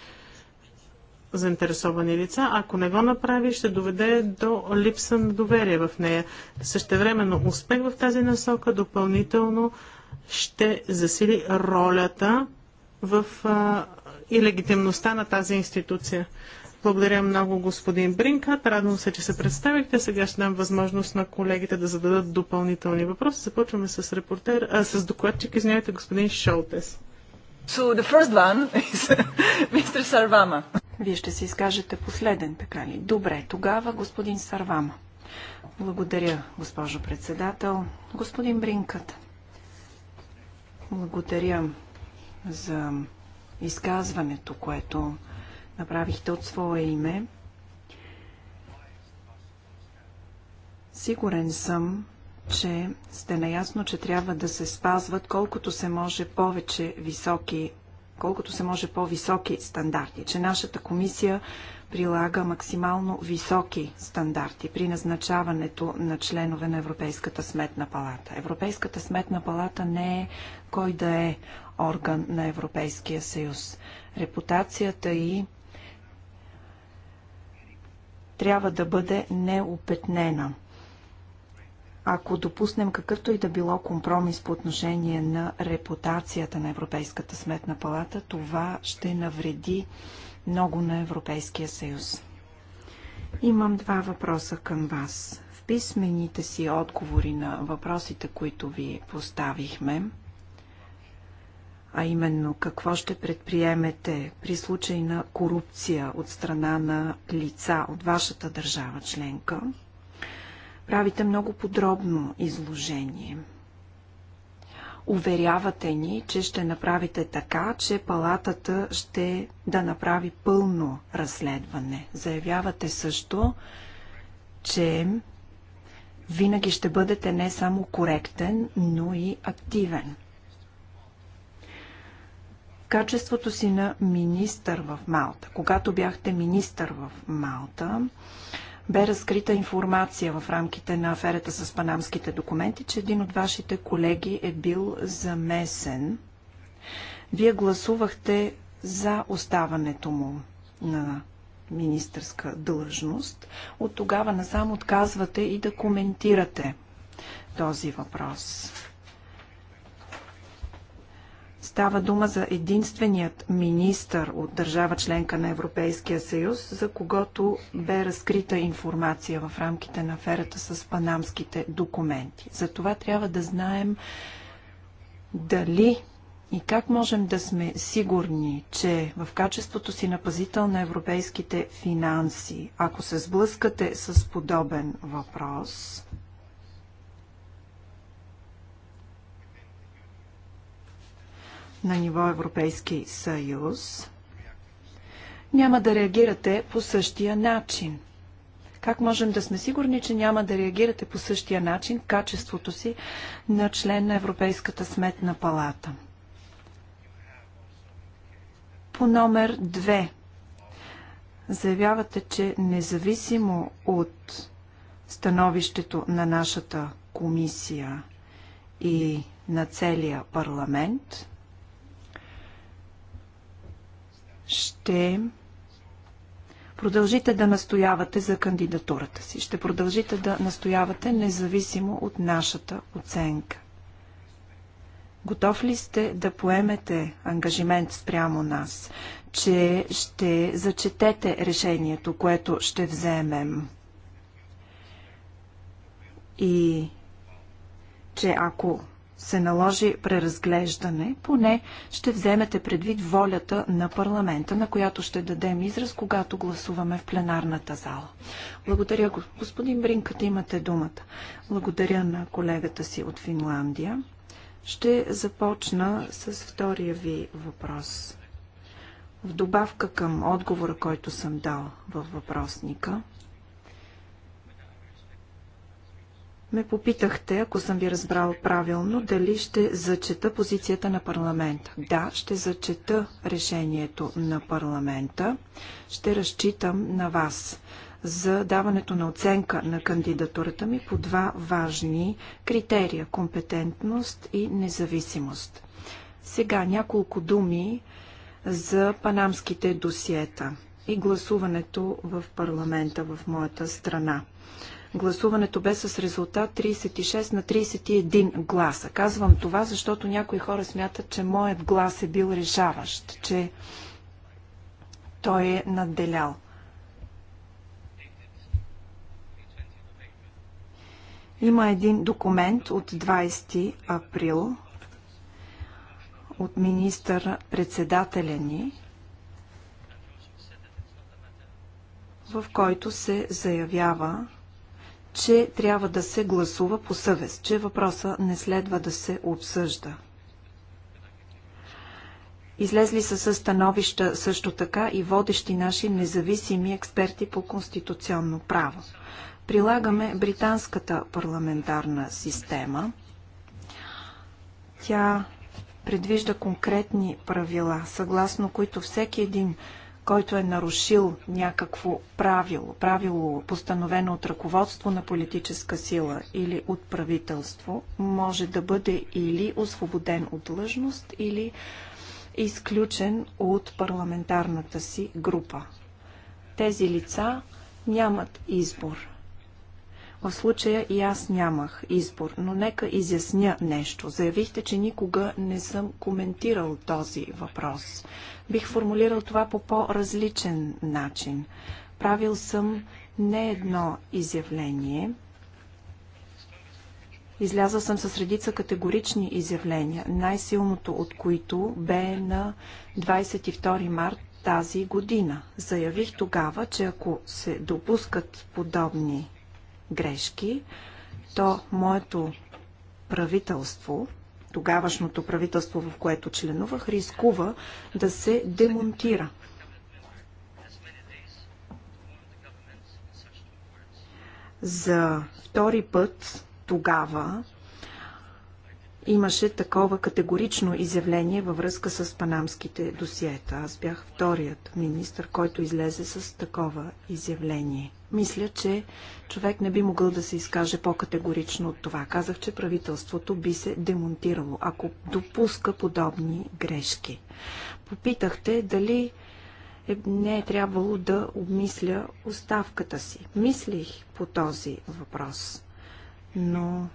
заинтересовани лица. Ако не го направи, ще доведе до липса на доверие в нея. Същевременно успех в тази насока допълнително ще засили ролята в а, и легитимността на тази институция. Благодаря много, господин Бринкат. Радвам се, че се представихте. Сега ще дам възможност на колегите да зададат допълнителни въпроси. Започваме с, репортер, а, с докладчик, извинявайте, господин Шолтес. So the first one is Mr. Sarvama. Вие ще се изкажете последен, така ли? Добре, тогава господин Сарвама. Благодаря, госпожо председател. Господин Бринкът, благодаря за изказването, което направихте от свое име. Сигурен съм, че сте наясно, че трябва да се спазват колкото се може повече високи, колкото се може по-високи стандарти, че нашата комисия прилага максимално високи стандарти при назначаването на членове на Европейската сметна палата. Европейската сметна палата не е кой да е орган на Европейския съюз. Репутацията и трябва да бъде неопетнена. Ако допуснем какъвто и да било компромис по отношение на репутацията на Европейската сметна палата, това ще навреди много на Европейския съюз. Имам два въпроса към вас. В писмените си отговори на въпросите, които ви поставихме, а именно какво ще предприемете при случай на корупция от страна на лица от вашата държава членка. Правите много подробно изложение. Уверявате ни, че ще направите така, че палатата ще да направи пълно разследване. Заявявате също, че винаги ще бъдете не само коректен, но и активен качеството си на министър в Малта. Когато бяхте министър в Малта, бе разкрита информация в рамките на аферата с панамските документи, че един от вашите колеги е бил замесен. Вие гласувахте за оставането му на министърска длъжност. От тогава насам отказвате и да коментирате този въпрос. Става дума за единственият министър от държава членка на Европейския съюз, за когото бе разкрита информация в рамките на аферата с панамските документи. За това трябва да знаем дали и как можем да сме сигурни, че в качеството си на пазител на европейските финанси, ако се сблъскате с подобен въпрос, на ниво Европейски съюз, няма да реагирате по същия начин. Как можем да сме сигурни, че няма да реагирате по същия начин в качеството си на член на Европейската сметна палата? По номер 2 заявявате, че независимо от становището на нашата комисия и на целия парламент, ще продължите да настоявате за кандидатурата си. Ще продължите да настоявате независимо от нашата оценка. Готов ли сте да поемете ангажимент спрямо нас, че ще зачетете решението, което ще вземем? И че ако се наложи преразглеждане, поне ще вземете предвид волята на парламента, на която ще дадем израз, когато гласуваме в пленарната зала. Благодаря, господин Бринката, имате думата. Благодаря на колегата си от Финландия. Ще започна с втория ви въпрос. В добавка към отговора, който съм дал във въпросника – ме попитахте, ако съм ви разбрал правилно, дали ще зачета позицията на парламента. Да, ще зачета решението на парламента. Ще разчитам на вас за даването на оценка на кандидатурата ми по два важни критерия – компетентност и независимост. Сега няколко думи за панамските досиета и гласуването в парламента в моята страна. Гласуването бе с резултат 36 на 31 гласа. Казвам това, защото някои хора смятат, че моят глас е бил решаващ, че той е надделял. Има един документ от 20 април от министър-председателя ни, в който се заявява, че трябва да се гласува по съвест, че въпроса не следва да се обсъжда. Излезли са със становища също така и водещи наши независими експерти по конституционно право. Прилагаме британската парламентарна система. Тя предвижда конкретни правила, съгласно които всеки един който е нарушил някакво правило, правило постановено от ръководство на политическа сила или от правителство, може да бъде или освободен от длъжност, или изключен от парламентарната си група. Тези лица нямат избор. В случая и аз нямах избор, но нека изясня нещо. Заявихте, че никога не съм коментирал този въпрос. Бих формулирал това по по-различен начин. Правил съм не едно изявление. Излязъл съм с редица категорични изявления, най-силното от които бе на 22 март тази година. Заявих тогава, че ако се допускат подобни грешки, то моето правителство, тогавашното правителство, в което членувах, рискува да се демонтира. За втори път тогава имаше такова категорично изявление във връзка с панамските досиета. Аз бях вторият министр, който излезе с такова изявление. Мисля, че човек не би могъл да се изкаже по-категорично от това. Казах, че правителството би се демонтирало, ако допуска подобни грешки. Попитахте дали е, не е трябвало да обмисля оставката си. Мислих по този въпрос, но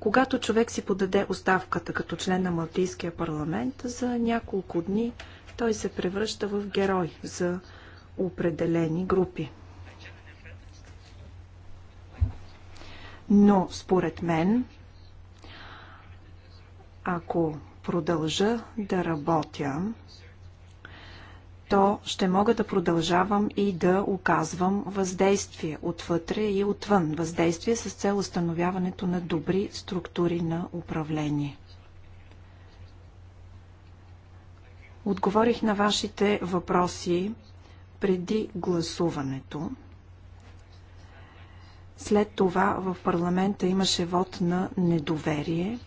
когато човек си подаде оставката като член на Малтийския парламент, за няколко дни той се превръща в герой за определени групи. Но, според мен, ако продължа да работя, то ще мога да продължавам и да оказвам въздействие отвътре и отвън. Въздействие с цел установяването на добри структури на управление. Отговорих на вашите въпроси преди гласуването. След това в парламента имаше вод на недоверие.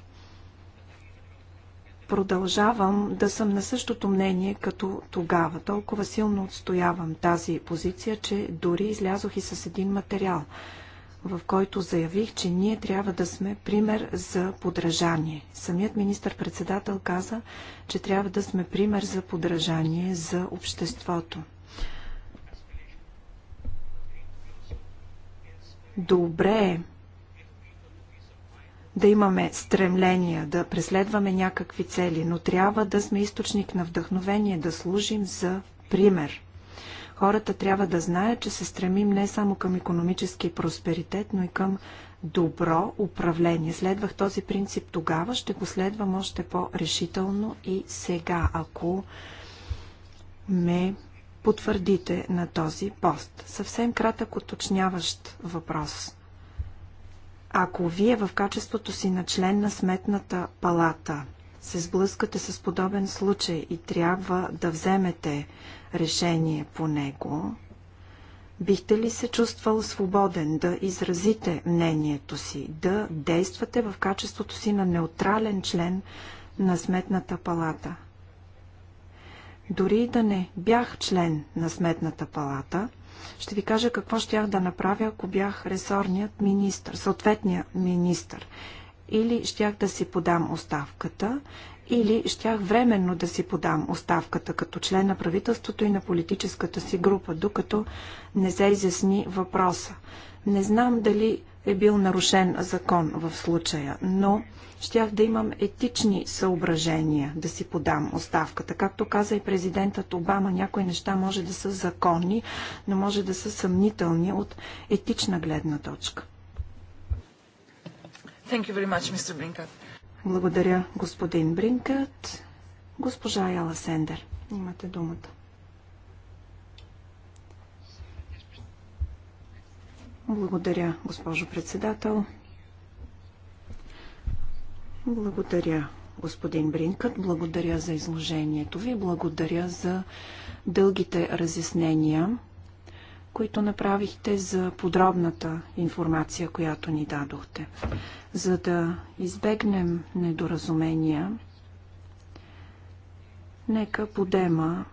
Продължавам да съм на същото мнение като тогава. Толкова силно отстоявам тази позиция, че дори излязох и с един материал, в който заявих, че ние трябва да сме пример за подражание. Самият министър-председател каза, че трябва да сме пример за подражание за обществото. добре е да имаме стремления, да преследваме някакви цели, но трябва да сме източник на вдъхновение, да служим за пример. Хората трябва да знаят, че се стремим не само към економически просперитет, но и към добро управление. Следвах този принцип тогава, ще го следвам още по-решително и сега, ако ме потвърдите на този пост? Съвсем кратък уточняващ въпрос. Ако вие в качеството си на член на Сметната палата се сблъскате с подобен случай и трябва да вземете решение по него, бихте ли се чувствал свободен да изразите мнението си, да действате в качеството си на неутрален член на Сметната палата? Дори да не бях член на Сметната палата, ще ви кажа какво щях да направя, ако бях ресорният министр, съответния министр. Или щях да си подам оставката, или щях временно да си подам оставката като член на правителството и на политическата си група, докато не се изясни въпроса. Не знам дали е бил нарушен закон в случая, но щях да имам етични съображения да си подам оставката. Както каза и президентът Обама, някои неща може да са законни, но може да са съмнителни от етична гледна точка. Thank you very much, Mr. Brinkert. Благодаря, господин Бринкът. Госпожа Яла Сендер, имате думата. Благодаря, госпожо председател. Благодаря, господин Бринкът. Благодаря за изложението ви. Благодаря за дългите разяснения, които направихте за подробната информация, която ни дадохте. За да избегнем недоразумения, нека подема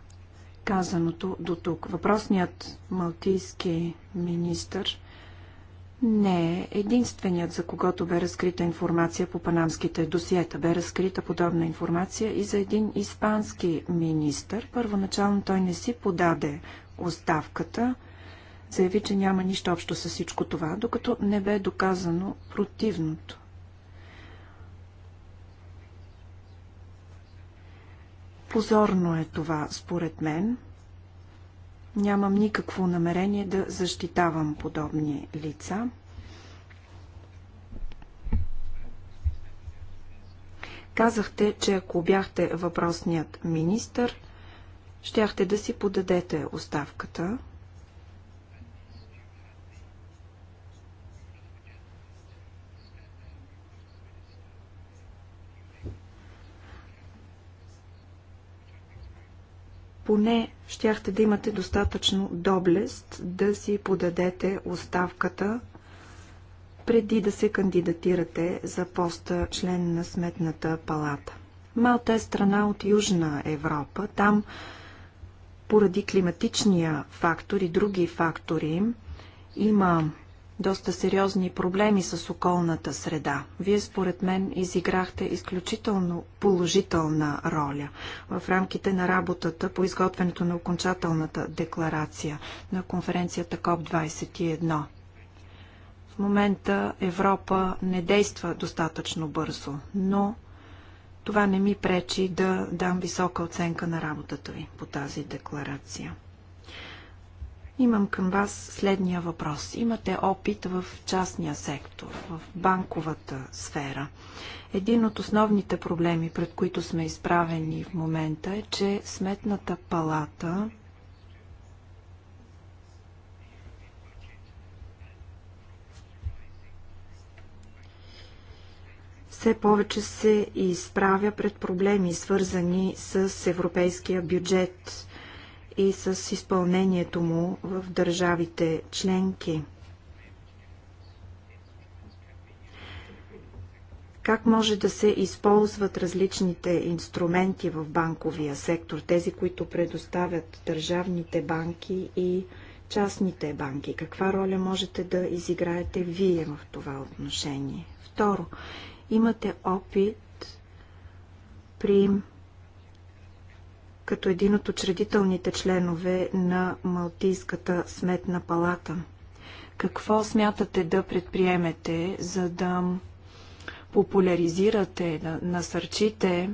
казаното до тук. Въпросният малтийски министр не единственият, за когото бе разкрита информация по панамските досиета. Бе разкрита подобна информация и за един испански министр. Първоначално той не си подаде оставката, заяви, че няма нищо общо с всичко това, докато не бе доказано противното. Позорно е това, според мен. Нямам никакво намерение да защитавам подобни лица. Казахте, че ако бяхте въпросният министър, щяхте да си подадете оставката. поне щяхте да имате достатъчно доблест да си подадете оставката преди да се кандидатирате за поста член на Сметната палата. Малта е страна от Южна Европа. Там поради климатичния фактор и други фактори има доста сериозни проблеми с околната среда. Вие според мен изиграхте изключително положителна роля в рамките на работата по изготвянето на окончателната декларация на конференцията КОП-21. В момента Европа не действа достатъчно бързо, но това не ми пречи да дам висока оценка на работата ви по тази декларация. Имам към вас следния въпрос. Имате опит в частния сектор, в банковата сфера. Един от основните проблеми, пред които сме изправени в момента е, че сметната палата все повече се изправя пред проблеми, свързани с европейския бюджет и с изпълнението му в държавите членки. Как може да се използват различните инструменти в банковия сектор, тези, които предоставят държавните банки и частните банки? Каква роля можете да изиграете вие в това отношение? Второ, имате опит при като един от учредителните членове на Малтийската сметна палата. Какво смятате да предприемете, за да популяризирате, да насърчите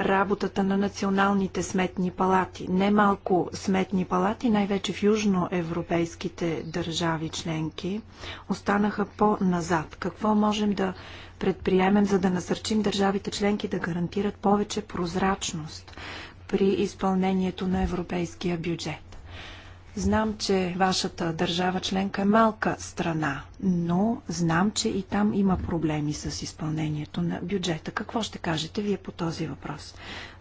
работата на националните сметни палати. Немалко сметни палати, най-вече в южноевропейските държави членки, останаха по-назад. Какво можем да предприемем, за да насърчим държавите членки да гарантират повече прозрачност, при изпълнението на европейския бюджет. Знам, че вашата държава членка е малка страна, но знам, че и там има проблеми с изпълнението на бюджета. Какво ще кажете вие по този въпрос?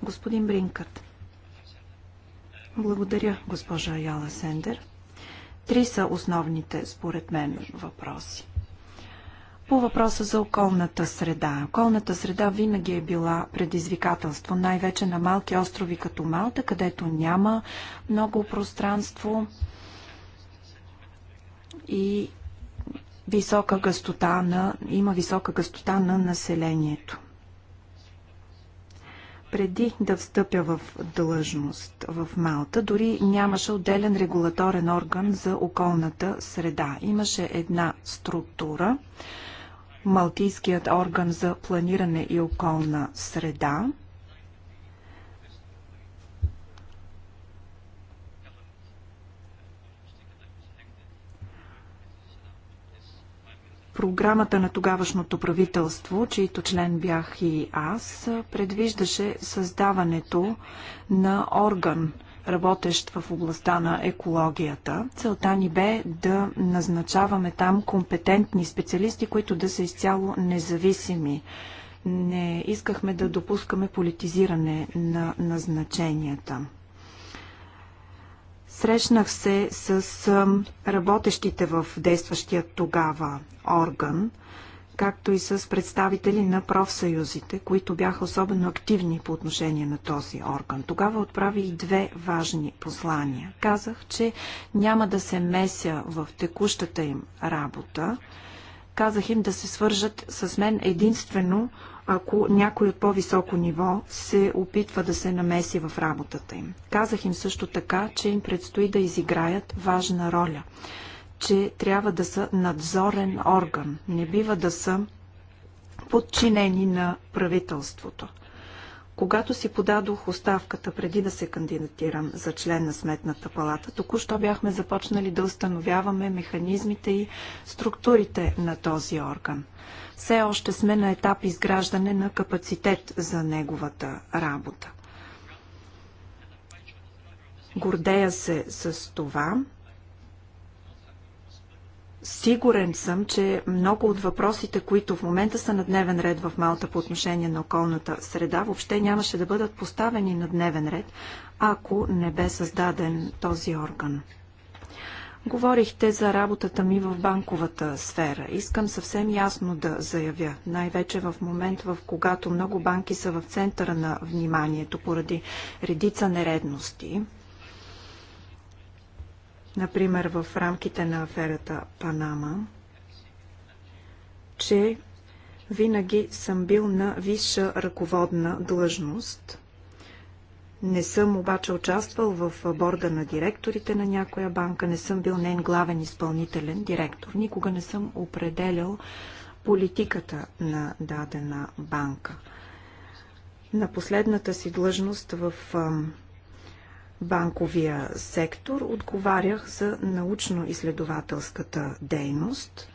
Господин Бринкът. Благодаря, госпожа Яла Сендер. Три са основните, според мен, въпроси. По въпроса за околната среда. Околната среда винаги е била предизвикателство, най-вече на малки острови като Малта, където няма много пространство и висока гъстота на, има висока гъстота на населението. Преди да встъпя в длъжност в Малта, дори нямаше отделен регулаторен орган за околната среда. Имаше една структура, Малтийският орган за планиране и околна среда. Програмата на тогавашното правителство, чийто член бях и аз, предвиждаше създаването на орган – работещ в областта на екологията. Целта ни бе да назначаваме там компетентни специалисти, които да са изцяло независими. Не искахме да допускаме политизиране на назначенията. Срещнах се с работещите в действащия тогава орган – както и с представители на профсъюзите, които бяха особено активни по отношение на този орган. Тогава отправих две важни послания. Казах, че няма да се меся в текущата им работа. Казах им да се свържат с мен единствено, ако някой от по-високо ниво се опитва да се намеси в работата им. Казах им също така, че им предстои да изиграят важна роля – че трябва да са надзорен орган. Не бива да са подчинени на правителството. Когато си подадох оставката преди да се кандидатирам за член на Сметната палата, току-що бяхме започнали да установяваме механизмите и структурите на този орган. Все още сме на етап изграждане на капацитет за неговата работа. Гордея се с това, Сигурен съм, че много от въпросите, които в момента са на дневен ред в Малта по отношение на околната среда, въобще нямаше да бъдат поставени на дневен ред, ако не бе създаден този орган. Говорихте за работата ми в банковата сфера. Искам съвсем ясно да заявя, най-вече в момент, в когато много банки са в центъра на вниманието поради редица нередности – например в рамките на аферата Панама, че винаги съм бил на висша ръководна длъжност. Не съм обаче участвал в борда на директорите на някоя банка, не съм бил нейн главен изпълнителен директор. Никога не съм определял политиката на дадена банка. На последната си длъжност в банковия сектор отговарях за научно-изследователската дейност,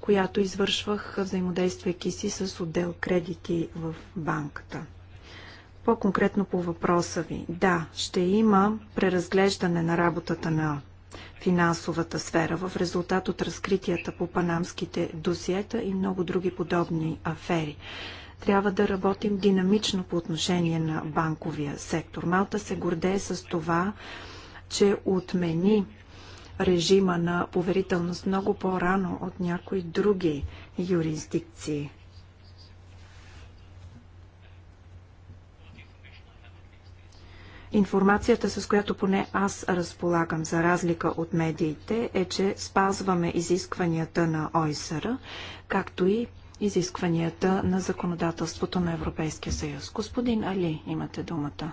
която извършвах взаимодействайки си с отдел кредити в банката. По-конкретно по въпроса ви. Да, ще има преразглеждане на работата на финансовата сфера в резултат от разкритията по панамските досиета и много други подобни афери трябва да работим динамично по отношение на банковия сектор. Малта се гордее с това, че отмени режима на поверителност много по-рано от някои други юрисдикции. Информацията, с която поне аз разполагам, за разлика от медиите, е, че спазваме изискванията на ОИСР, както и изискванията на законодателството на Европейския съюз. Господин Али, имате думата.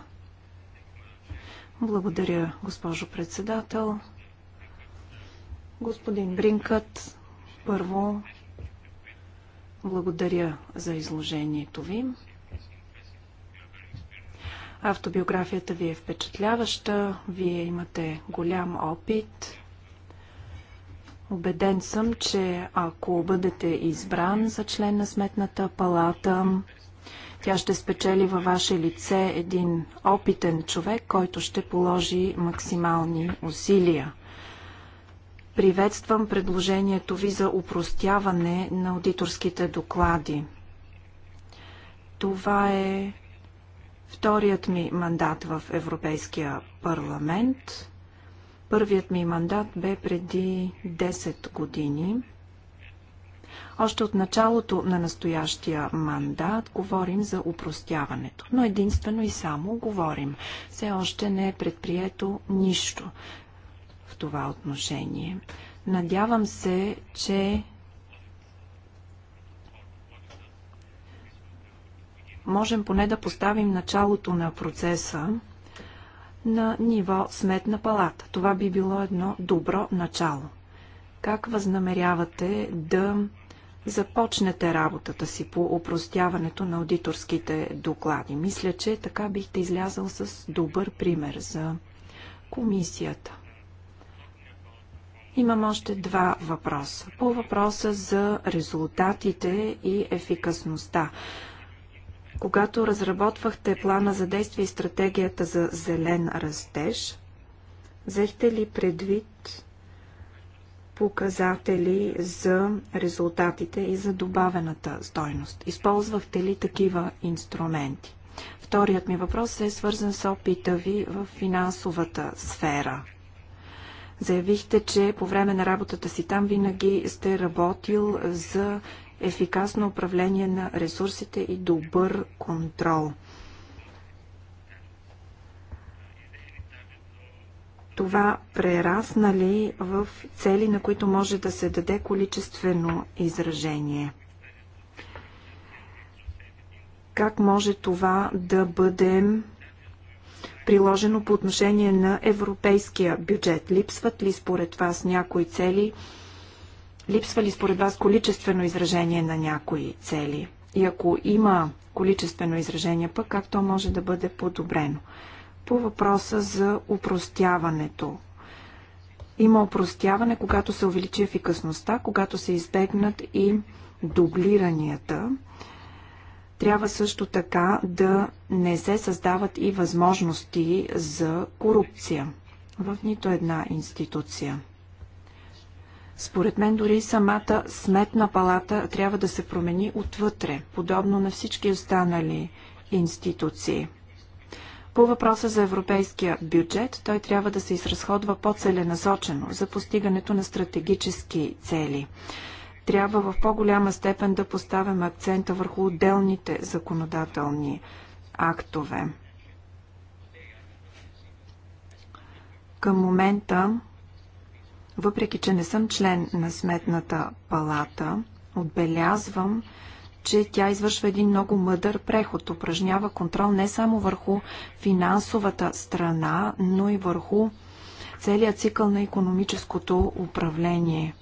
Благодаря, госпожо председател. Господин Бринкът, първо благодаря за изложението ви. Автобиографията ви е впечатляваща. Вие имате голям опит Обеден съм, че ако бъдете избран за член на Сметната палата, тя ще спечели във ваше лице един опитен човек, който ще положи максимални усилия. Приветствам предложението ви за упростяване на аудиторските доклади. Това е вторият ми мандат в Европейския парламент. Първият ми мандат бе преди 10 години. Още от началото на настоящия мандат говорим за упростяването, но единствено и само говорим. Все още не е предприето нищо в това отношение. Надявам се, че можем поне да поставим началото на процеса на ниво сметна палата. Това би било едно добро начало. Как възнамерявате да започнете работата си по упростяването на аудиторските доклади? Мисля, че така бихте излязъл с добър пример за комисията. Имам още два въпроса. По въпроса за резултатите и ефикасността. Когато разработвахте плана за действие и стратегията за зелен растеж, взехте ли предвид показатели за резултатите и за добавената стойност? Използвахте ли такива инструменти? Вторият ми въпрос е свързан с опита ви в финансовата сфера – Заявихте, че по време на работата си там винаги сте работил за ефикасно управление на ресурсите и добър контрол. това прерасна ли в цели, на които може да се даде количествено изражение? Как може това да бъде приложено по отношение на европейския бюджет? Липсват ли според вас някои цели? Липсва ли според вас количествено изражение на някои цели? И ако има количествено изражение, пък как то може да бъде подобрено? По въпроса за упростяването. Има упростяване, когато се увеличи ефикасността, когато се избегнат и дублиранията. Трябва също така да не се създават и възможности за корупция в нито една институция. Според мен дори самата сметна палата трябва да се промени отвътре, подобно на всички останали институции. По въпроса за европейския бюджет, той трябва да се изразходва по-целенасочено за постигането на стратегически цели трябва в по-голяма степен да поставим акцента върху отделните законодателни актове. Към момента, въпреки че не съм член на Сметната палата, отбелязвам, че тя извършва един много мъдър преход, упражнява контрол не само върху финансовата страна, но и върху целият цикъл на економическото управление.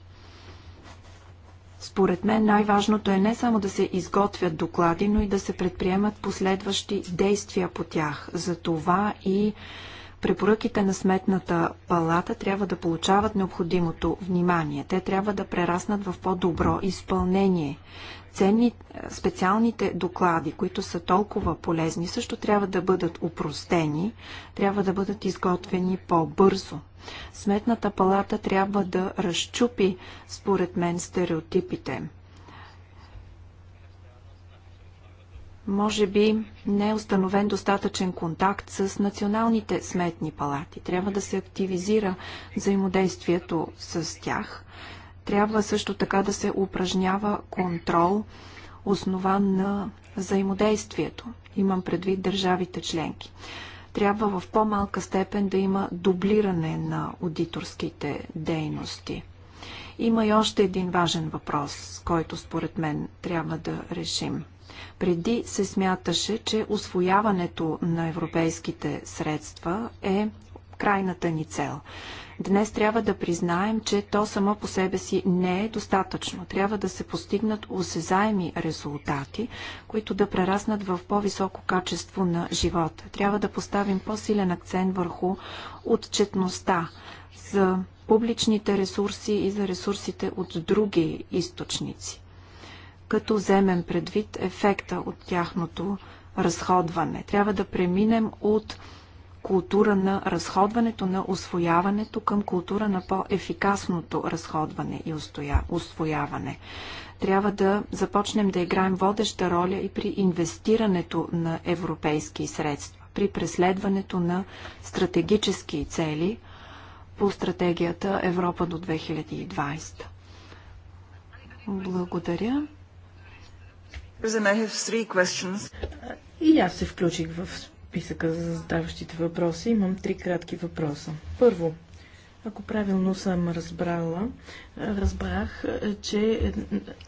Според мен най-важното е не само да се изготвят доклади, но и да се предприемат последващи действия по тях. За това и препоръките на сметната палата трябва да получават необходимото внимание. Те трябва да прераснат в по-добро изпълнение. Ценни, е, специалните доклади, които са толкова полезни, също трябва да бъдат упростени, трябва да бъдат изготвени по-бързо. Сметната палата трябва да разчупи, според мен, стереотипите. може би не е установен достатъчен контакт с националните сметни палати. Трябва да се активизира взаимодействието с тях трябва също така да се упражнява контрол, основан на взаимодействието. Имам предвид държавите членки. Трябва в по-малка степен да има дублиране на аудиторските дейности. Има и още един важен въпрос, който според мен трябва да решим. Преди се смяташе, че освояването на европейските средства е крайната ни цел. Днес трябва да признаем, че то само по себе си не е достатъчно. Трябва да се постигнат осезаеми резултати, които да прераснат в по-високо качество на живота. Трябва да поставим по-силен акцент върху отчетността за публичните ресурси и за ресурсите от други източници, като вземем предвид ефекта от тяхното разходване. Трябва да преминем от култура на разходването, на освояването към култура на по-ефикасното разходване и освояване. Трябва да започнем да играем водеща роля и при инвестирането на европейски средства, при преследването на стратегически цели по стратегията Европа до 2020. Благодаря. И аз се включих в списъка за задаващите въпроси. Имам три кратки въпроса. Първо, ако правилно съм разбрала, разбрах, че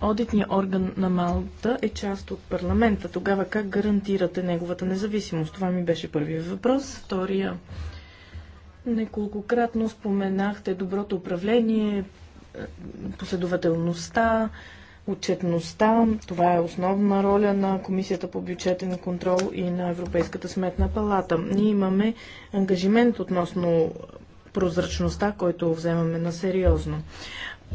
одитният орган на Малта е част от парламента. Тогава как гарантирате неговата независимост? Това ми беше първият въпрос. Втория. Неколкократно споменахте доброто управление, е, последователността, отчетността. Това е основна роля на Комисията по бюджетен контрол и на Европейската сметна палата. Ние имаме ангажимент относно прозрачността, който вземаме на сериозно.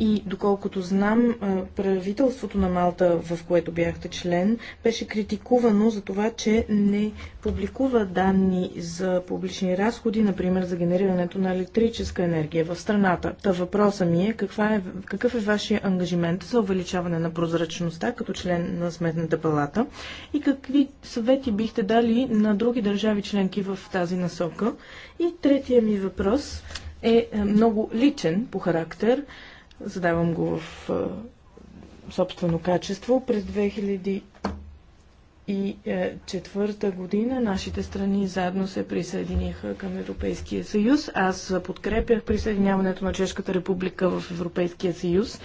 И доколкото знам, правителството на Малта, в което бяхте член, беше критикувано за това, че не публикува данни за публични разходи, например за генерирането на електрическа енергия в страната. Та въпроса ми е, каква е какъв е вашия ангажимент за увеличаване на прозрачността като член на Сметната палата и какви съвети бихте дали на други държави членки в тази насока? И третия ми въпрос е, е много личен по характер. Задавам го в собствено качество. През 2004 година нашите страни заедно се присъединиха към Европейския съюз. Аз подкрепях присъединяването на Чешката република в Европейския съюз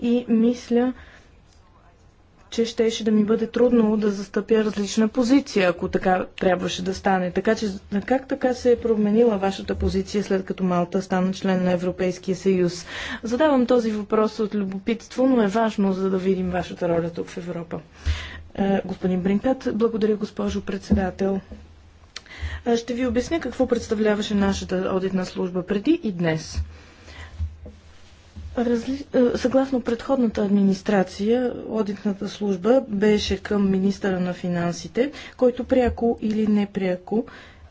и мисля, че щеше да ми бъде трудно да застъпя различна позиция, ако така трябваше да стане. Така че как така се е променила вашата позиция след като Малта стана член на Европейския съюз? Задавам този въпрос от любопитство, но е важно, за да видим вашата роля тук в Европа. Е, господин Бринкат, благодаря, госпожо председател. Е, ще ви обясня какво представляваше нашата одитна служба преди и днес. Разли... Е, съгласно предходната администрация, одитната служба беше към министъра на финансите, който пряко или непряко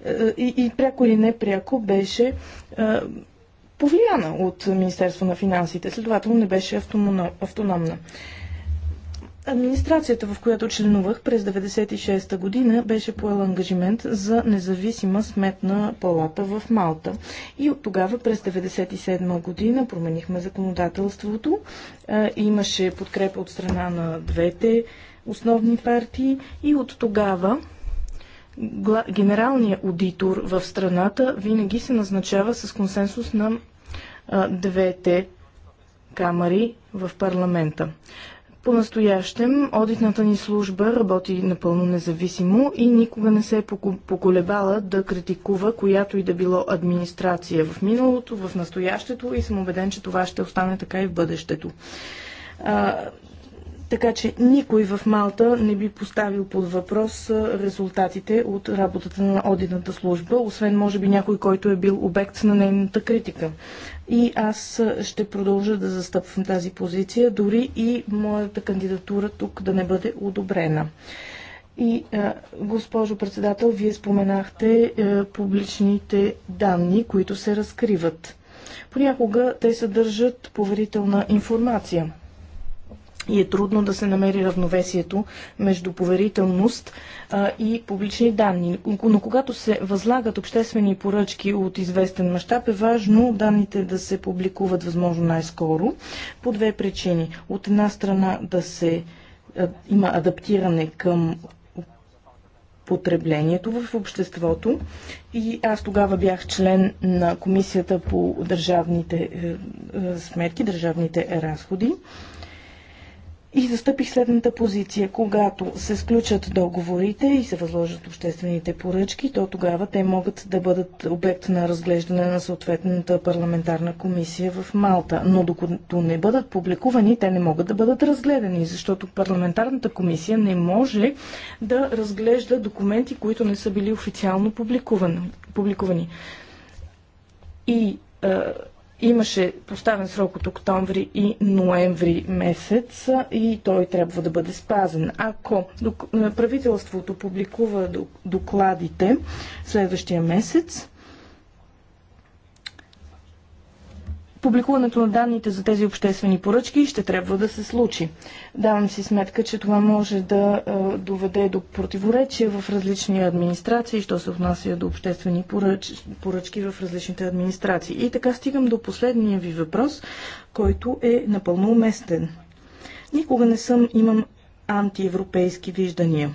е, и, и пряко или непряко беше е, повлияна от Министерство на финансите, следователно не беше автономна. Администрацията, в която членувах през 1996 година, беше поела ангажимент за независима сметна палата в Малта. И от тогава, през 1997 година, променихме законодателството. Имаше подкрепа от страна на двете основни партии и от тогава генералният аудитор в страната винаги се назначава с консенсус на двете камари в парламента. По-настоящем одитната ни служба работи напълно независимо и никога не се е поколебала да критикува която и да било администрация в миналото, в настоящето и съм убеден, че това ще остане така и в бъдещето. А, така че никой в Малта не би поставил под въпрос резултатите от работата на одитната служба, освен може би някой, който е бил обект на нейната критика и аз ще продължа да застъпвам тази позиция, дори и моята кандидатура тук да не бъде одобрена. И, госпожо председател, вие споменахте е, публичните данни, които се разкриват. Понякога те съдържат поверителна информация и е трудно да се намери равновесието между поверителност а, и публични данни. Но когато се възлагат обществени поръчки от известен мащаб, е важно данните да се публикуват възможно най-скоро по две причини. От една страна да се а, има адаптиране към потреблението в обществото. И аз тогава бях член на комисията по държавните е, е, сметки, държавните разходи и застъпих следната позиция. Когато се сключат договорите и се възложат обществените поръчки, то тогава те могат да бъдат обект на разглеждане на съответната парламентарна комисия в Малта. Но докато не бъдат публикувани, те не могат да бъдат разгледани, защото парламентарната комисия не може да разглежда документи, които не са били официално публикувани. И Имаше поставен срок от октомври и ноември месец и той трябва да бъде спазен. Ако правителството публикува докладите следващия месец, Публикуването на данните за тези обществени поръчки ще трябва да се случи. Давам си сметка, че това може да доведе до противоречия в различни администрации, що се отнася до обществени поръч... поръчки в различните администрации. И така стигам до последния ви въпрос, който е напълно уместен. Никога не съм имам антиевропейски виждания.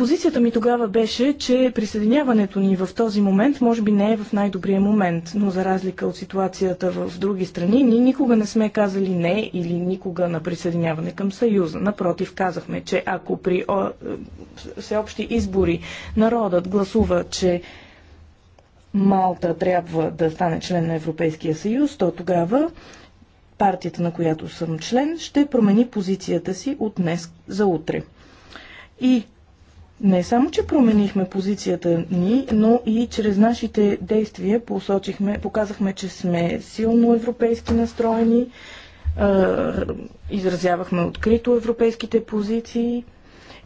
Позицията ми тогава беше, че присъединяването ни в този момент може би не е в най-добрия момент, но за разлика от ситуацията в други страни, ние никога не сме казали не или никога на присъединяване към Съюза. Напротив, казахме, че ако при е, всеобщи избори народът гласува, че Малта трябва да стане член на Европейския съюз, то тогава партията, на която съм член, ще промени позицията си от днес за утре. И не само, че променихме позицията ни, но и чрез нашите действия посочихме, показахме, че сме силно европейски настроени, изразявахме открито европейските позиции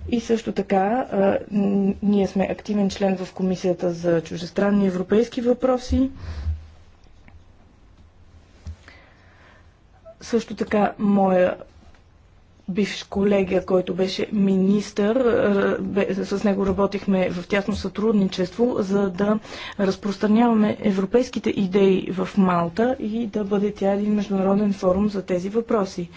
и също така ние сме активен член в Комисията за чужестранни европейски въпроси. Също така моя бивш колега, който беше министър. С него работихме в тясно сътрудничество, за да разпространяваме европейските идеи в Малта и да бъде тя един международен форум за тези въпроси.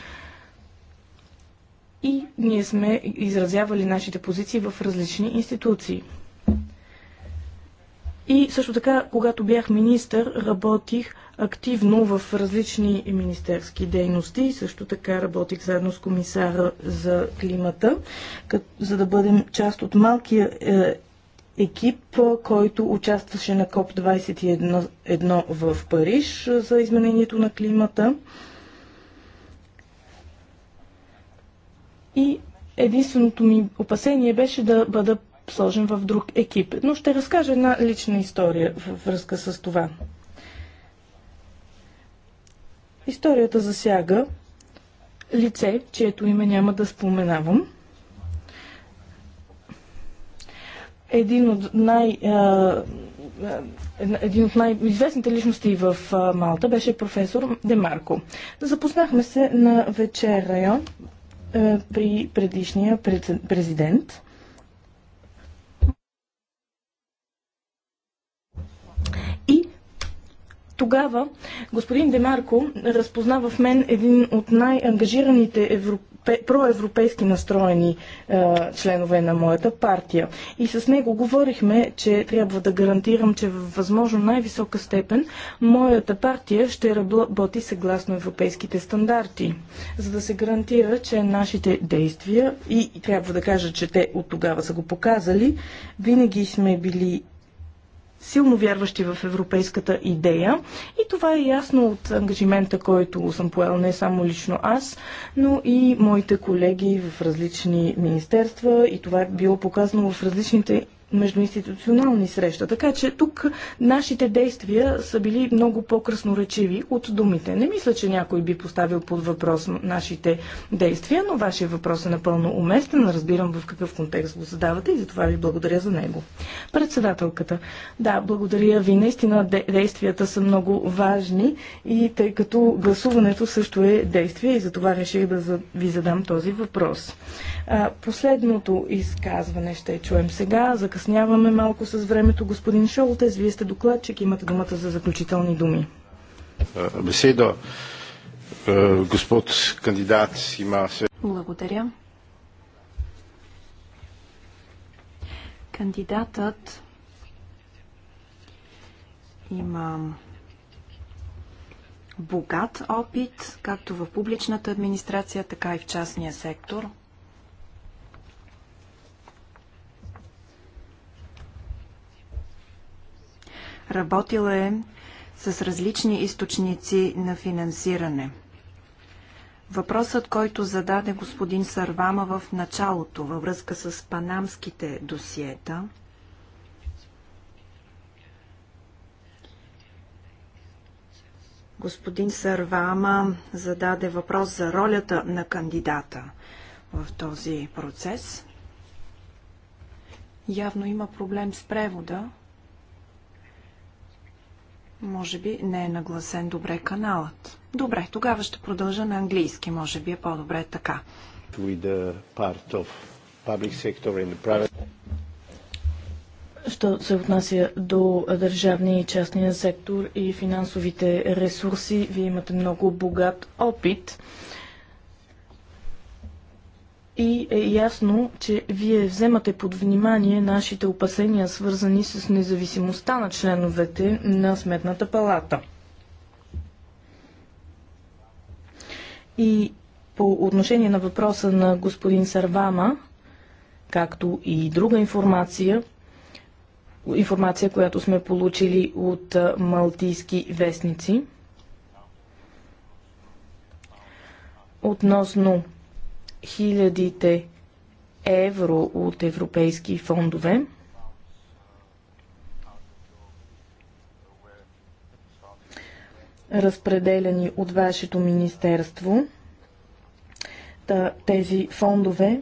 И ние сме изразявали нашите позиции в различни институции. И също така, когато бях министър, работих активно в различни министерски дейности. Също така работих заедно с комисара за климата, за да бъдем част от малкия е, екип, който участваше на КОП-21 в Париж за изменението на климата. И единственото ми опасение беше да бъда сложен в друг екип. Но ще разкажа една лична история във връзка с това. Историята засяга лице, чието име няма да споменавам. Един от най- един от най-известните личности в Малта беше професор Демарко. Запознахме се на вечеря при предишния президент. Тогава господин Демарко разпозна в мен един от най-ангажираните европейски проевропейски настроени е, членове на моята партия. И с него говорихме, че трябва да гарантирам, че във възможно най-висока степен моята партия ще работи съгласно европейските стандарти, за да се гарантира, че нашите действия, и трябва да кажа, че те от тогава са го показали, винаги сме били силно вярващи в европейската идея. И това е ясно от ангажимента, който съм поел не само лично аз, но и моите колеги в различни министерства. И това е било показано в различните междуинституционални среща. Така че тук нашите действия са били много по-красноречиви от думите. Не мисля, че някой би поставил под въпрос нашите действия, но вашия въпрос е напълно уместен. Разбирам в какъв контекст го задавате и затова ви благодаря за него. Председателката. Да, благодаря ви. Наистина действията са много важни и тъй като гласуването също е действие и за това реших да ви задам този въпрос. Последното изказване ще чуем сега. Закъсняваме малко с времето. Господин Шолтес, вие сте докладчик, имате думата за заключителни думи. Беседо, господ кандидат има... Благодаря. Кандидатът има богат опит, както в публичната администрация, така и в частния сектор – Работила е с различни източници на финансиране. Въпросът, който зададе господин Сарвама в началото във връзка с панамските досиета, господин Сарвама зададе въпрос за ролята на кандидата в този процес. Явно има проблем с превода. Може би не е нагласен добре каналът. Добре, тогава ще продължа на английски. Може би е по-добре така. Що се отнася до държавния и частния сектор и финансовите ресурси, вие имате много богат опит и е ясно, че вие вземате под внимание нашите опасения, свързани с независимостта на членовете на Сметната палата. И по отношение на въпроса на господин Сарвама, както и друга информация, информация, която сме получили от малтийски вестници, относно хилядите евро от европейски фондове. разпределени от вашето министерство. Тези фондове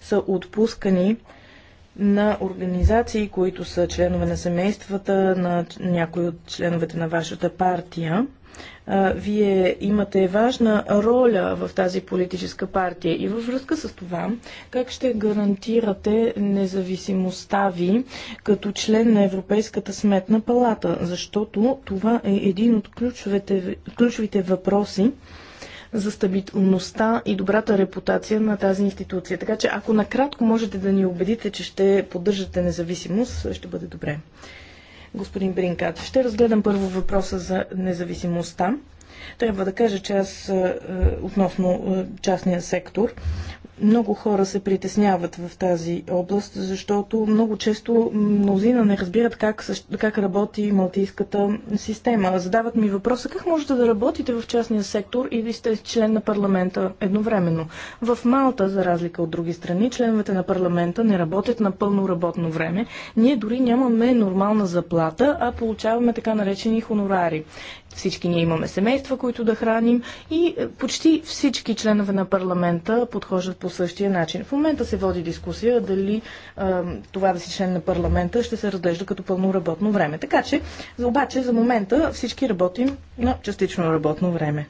са отпускани на организации, които са членове на семействата, на някои от членовете на вашата партия. Вие имате важна роля в тази политическа партия и във връзка с това, как ще гарантирате независимостта ви като член на Европейската сметна палата, защото това е един от ключовете, ключовите въпроси, за стабилността и добрата репутация на тази институция. Така че ако накратко можете да ни убедите, че ще поддържате независимост, ще бъде добре господин Бринкат. Ще разгледам първо въпроса за независимостта. Трябва да кажа, че аз е, е, относно е, частния сектор, много хора се притесняват в тази област, защото много често мнозина не разбират как, как работи малтийската система. Задават ми въпроса как можете да работите в частния сектор и да сте член на парламента едновременно. В Малта, за разлика от други страни, членовете на парламента не работят на пълно работно време. Ние дори нямаме нормална заплата, а получаваме така наречени хонорари. Всички ние имаме семейства, които да храним и е, почти всички членове на парламента подхождат по по същия начин. В момента се води дискусия дали а, това да си член на парламента ще се разглежда като пълно работно време. Така че, обаче, за момента всички работим на частично работно време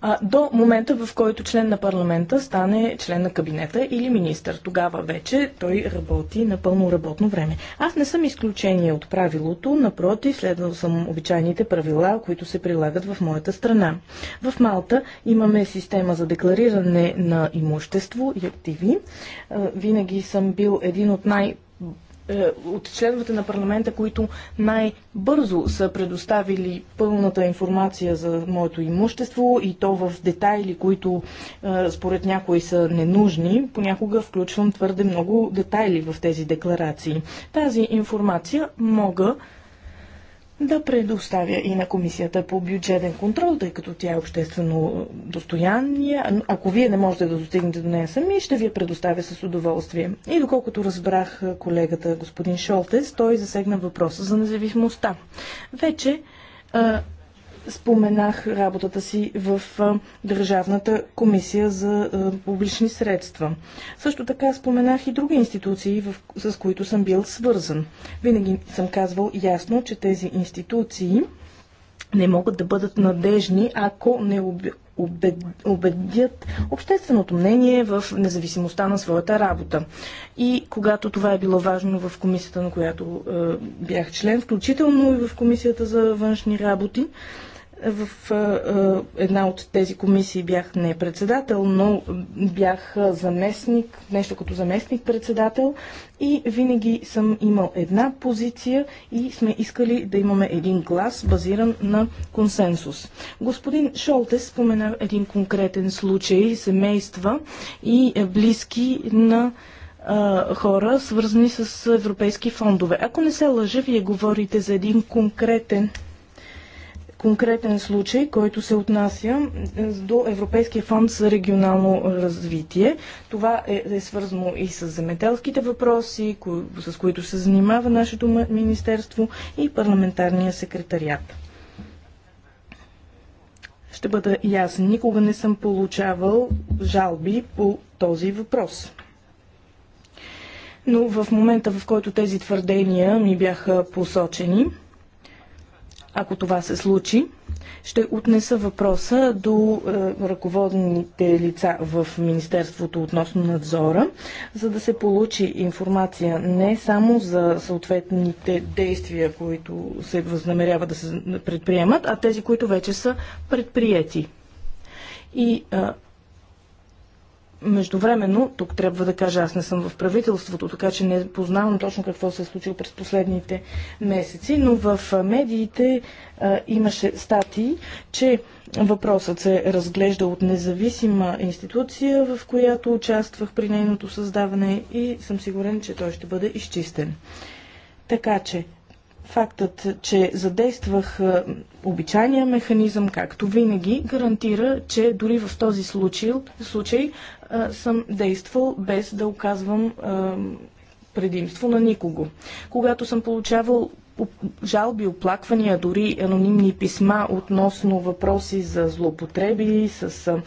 а, до момента, в който член на парламента стане член на кабинета или министър. Тогава вече той работи на пълно работно време. Аз не съм изключение от правилото, напротив, следвал съм обичайните правила, които се прилагат в моята страна. В Малта имаме система за деклариране на имущество и активи. Винаги съм бил един от най е, от членовете на парламента, които най-бързо са предоставили пълната информация за моето имущество и то в детайли, които е, според някои са ненужни. Понякога включвам твърде много детайли в тези декларации. Тази информация мога да предоставя и на комисията по бюджетен контрол, тъй като тя е обществено достояние. Ако вие не можете да достигнете до нея сами, ще ви я предоставя с удоволствие. И доколкото разбрах колегата господин Шолтес, той засегна въпроса за независимостта. Вече споменах работата си в Държавната комисия за публични средства. Също така споменах и други институции, с които съм бил свързан. Винаги съм казвал ясно, че тези институции не могат да бъдат надежни, ако не убедят общественото мнение в независимостта на своята работа. И когато това е било важно в комисията, на която е, бях член, включително и в комисията за външни работи, в а, една от тези комисии бях не председател, но бях заместник, нещо като заместник-председател и винаги съм имал една позиция и сме искали да имаме един глас, базиран на консенсус. Господин Шолтес спомена един конкретен случай, семейства и е, близки на хора, свързани с европейски фондове. Ако не се лъжа, вие говорите за един конкретен конкретен случай, който се отнася е, до Европейския фонд за регионално развитие. Това е, е свързано и с земеделските въпроси, кои, с които се занимава нашето министерство и парламентарния секретариат. Ще бъда ясен, никога не съм получавал жалби по този въпрос. Но в момента, в който тези твърдения ми бяха посочени, ако това се случи, ще отнеса въпроса до е, ръководните лица в Министерството относно надзора, за да се получи информация не само за съответните действия, които се възнамерява да се предприемат, а тези, които вече са предприяти. И е, Междувременно, тук трябва да кажа, аз не съм в правителството, така че не познавам точно какво се е случило през последните месеци, но в медиите а, имаше статии, че въпросът се разглежда от независима институция, в която участвах при нейното създаване и съм сигурен, че той ще бъде изчистен. Така че, фактът, че задействах обичайния механизъм, както винаги, гарантира, че дори в този случай, случай съм действал без да оказвам предимство на никого. Когато съм получавал жалби, оплаквания, дори анонимни писма относно въпроси за злоупотреби с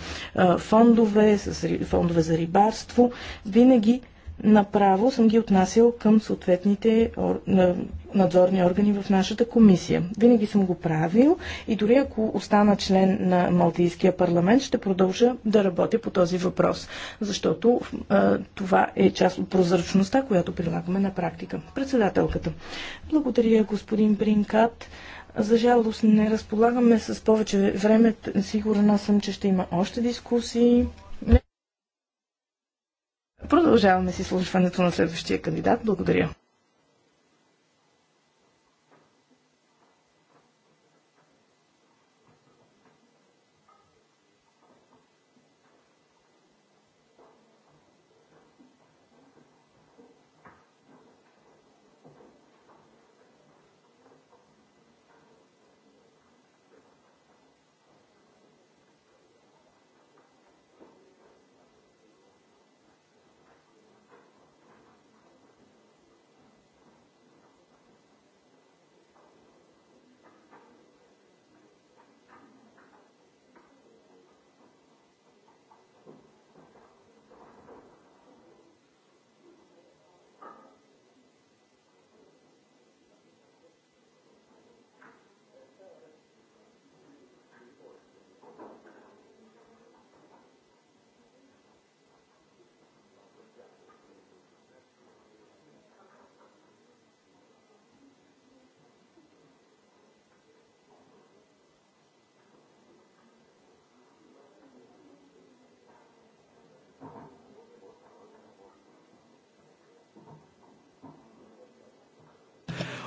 фондове, с фондове за рибарство, винаги направо съм ги отнасял към съответните надзорни органи в нашата комисия. Винаги съм го правил и дори ако остана член на Малтийския парламент, ще продължа да работя по този въпрос, защото а, това е част от прозрачността, която прилагаме на практика. Председателката. Благодаря, господин Бринкат. За жалост не разполагаме с повече време. Сигурна съм, че ще има още дискусии. Продължаваме с изслушването на следващия кандидат. Благодаря.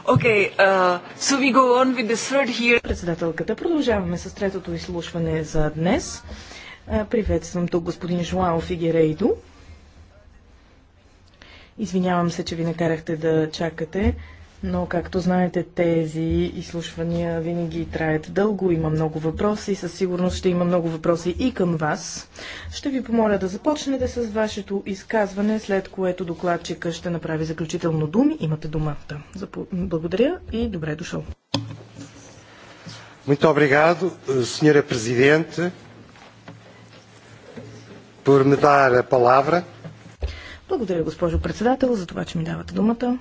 Okay, uh, so we go on with the third here. Председателката, продължаваме с третото изслушване за днес. Приветствам тук господин Жуао Фигерейдо. Извинявам се, че ви накарахте да чакате но както знаете тези изслушвания винаги траят дълго, има много въпроси, със сигурност ще има много въпроси и към вас. Ще ви помоля да започнете с вашето изказване, след което докладчика ще направи заключително думи. Имате думата. Благодаря и добре е дошъл. Muito obrigado, eh, Sra. Presidente, por me dar a palavra. Благодаря, госпожо председател, за това, че ми давате думата.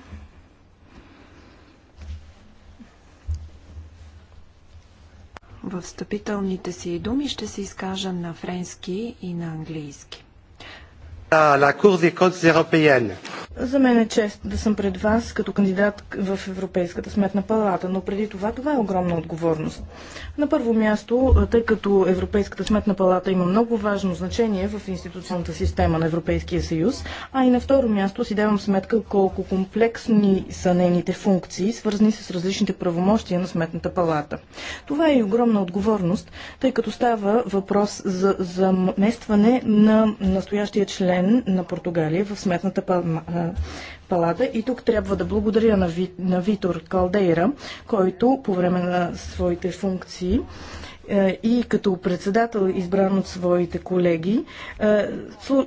В встъпителните си думи ще се изкажа на френски и на английски. За мен е чест да съм пред вас като кандидат в Европейската сметна палата, но преди това това е огромна отговорност. На първо място, тъй като Европейската сметна палата има много важно значение в институционната система на Европейския съюз, а и на второ място си давам сметка колко комплексни са нейните функции, свързани с различните правомощия на сметната палата. Това е и огромна отговорност, тъй като става въпрос за заместване на настоящия член член на Португалия в Сметната палата. И тук трябва да благодаря на, на Витор Калдейра, който по време на своите функции е, и като председател, избран от своите колеги, е,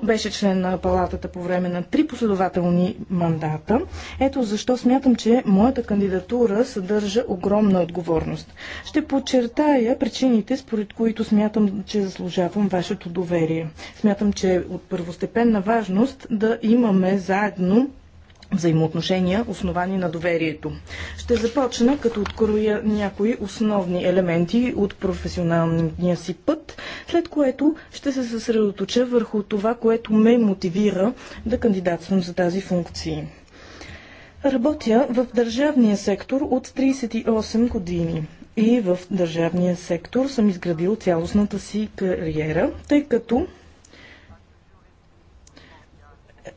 беше член на палатата по време на три последователни мандата. Ето защо смятам, че моята кандидатура съдържа огромна отговорност. Ще подчертая причините, според които смятам, че заслужавам вашето доверие. Смятам, че от първостепенна важност да имаме заедно взаимоотношения, основани на доверието. Ще започна като откроя някои основни елементи от професионалния си път, след което ще се съсредоточа върху това, което ме мотивира да кандидатствам за тази функция. Работя в държавния сектор от 38 години. И в държавния сектор съм изградил цялостната си кариера, тъй като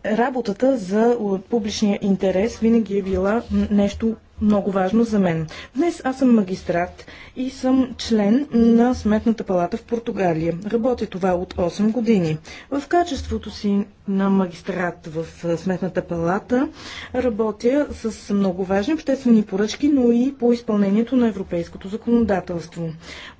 работата за публичния интерес винаги е била нещо много важно за мен. Днес аз съм магистрат и съм член на Сметната палата в Португалия. Работя това от 8 години. В качеството си на магистрат в Сметната палата работя с много важни обществени поръчки, но и по изпълнението на европейското законодателство.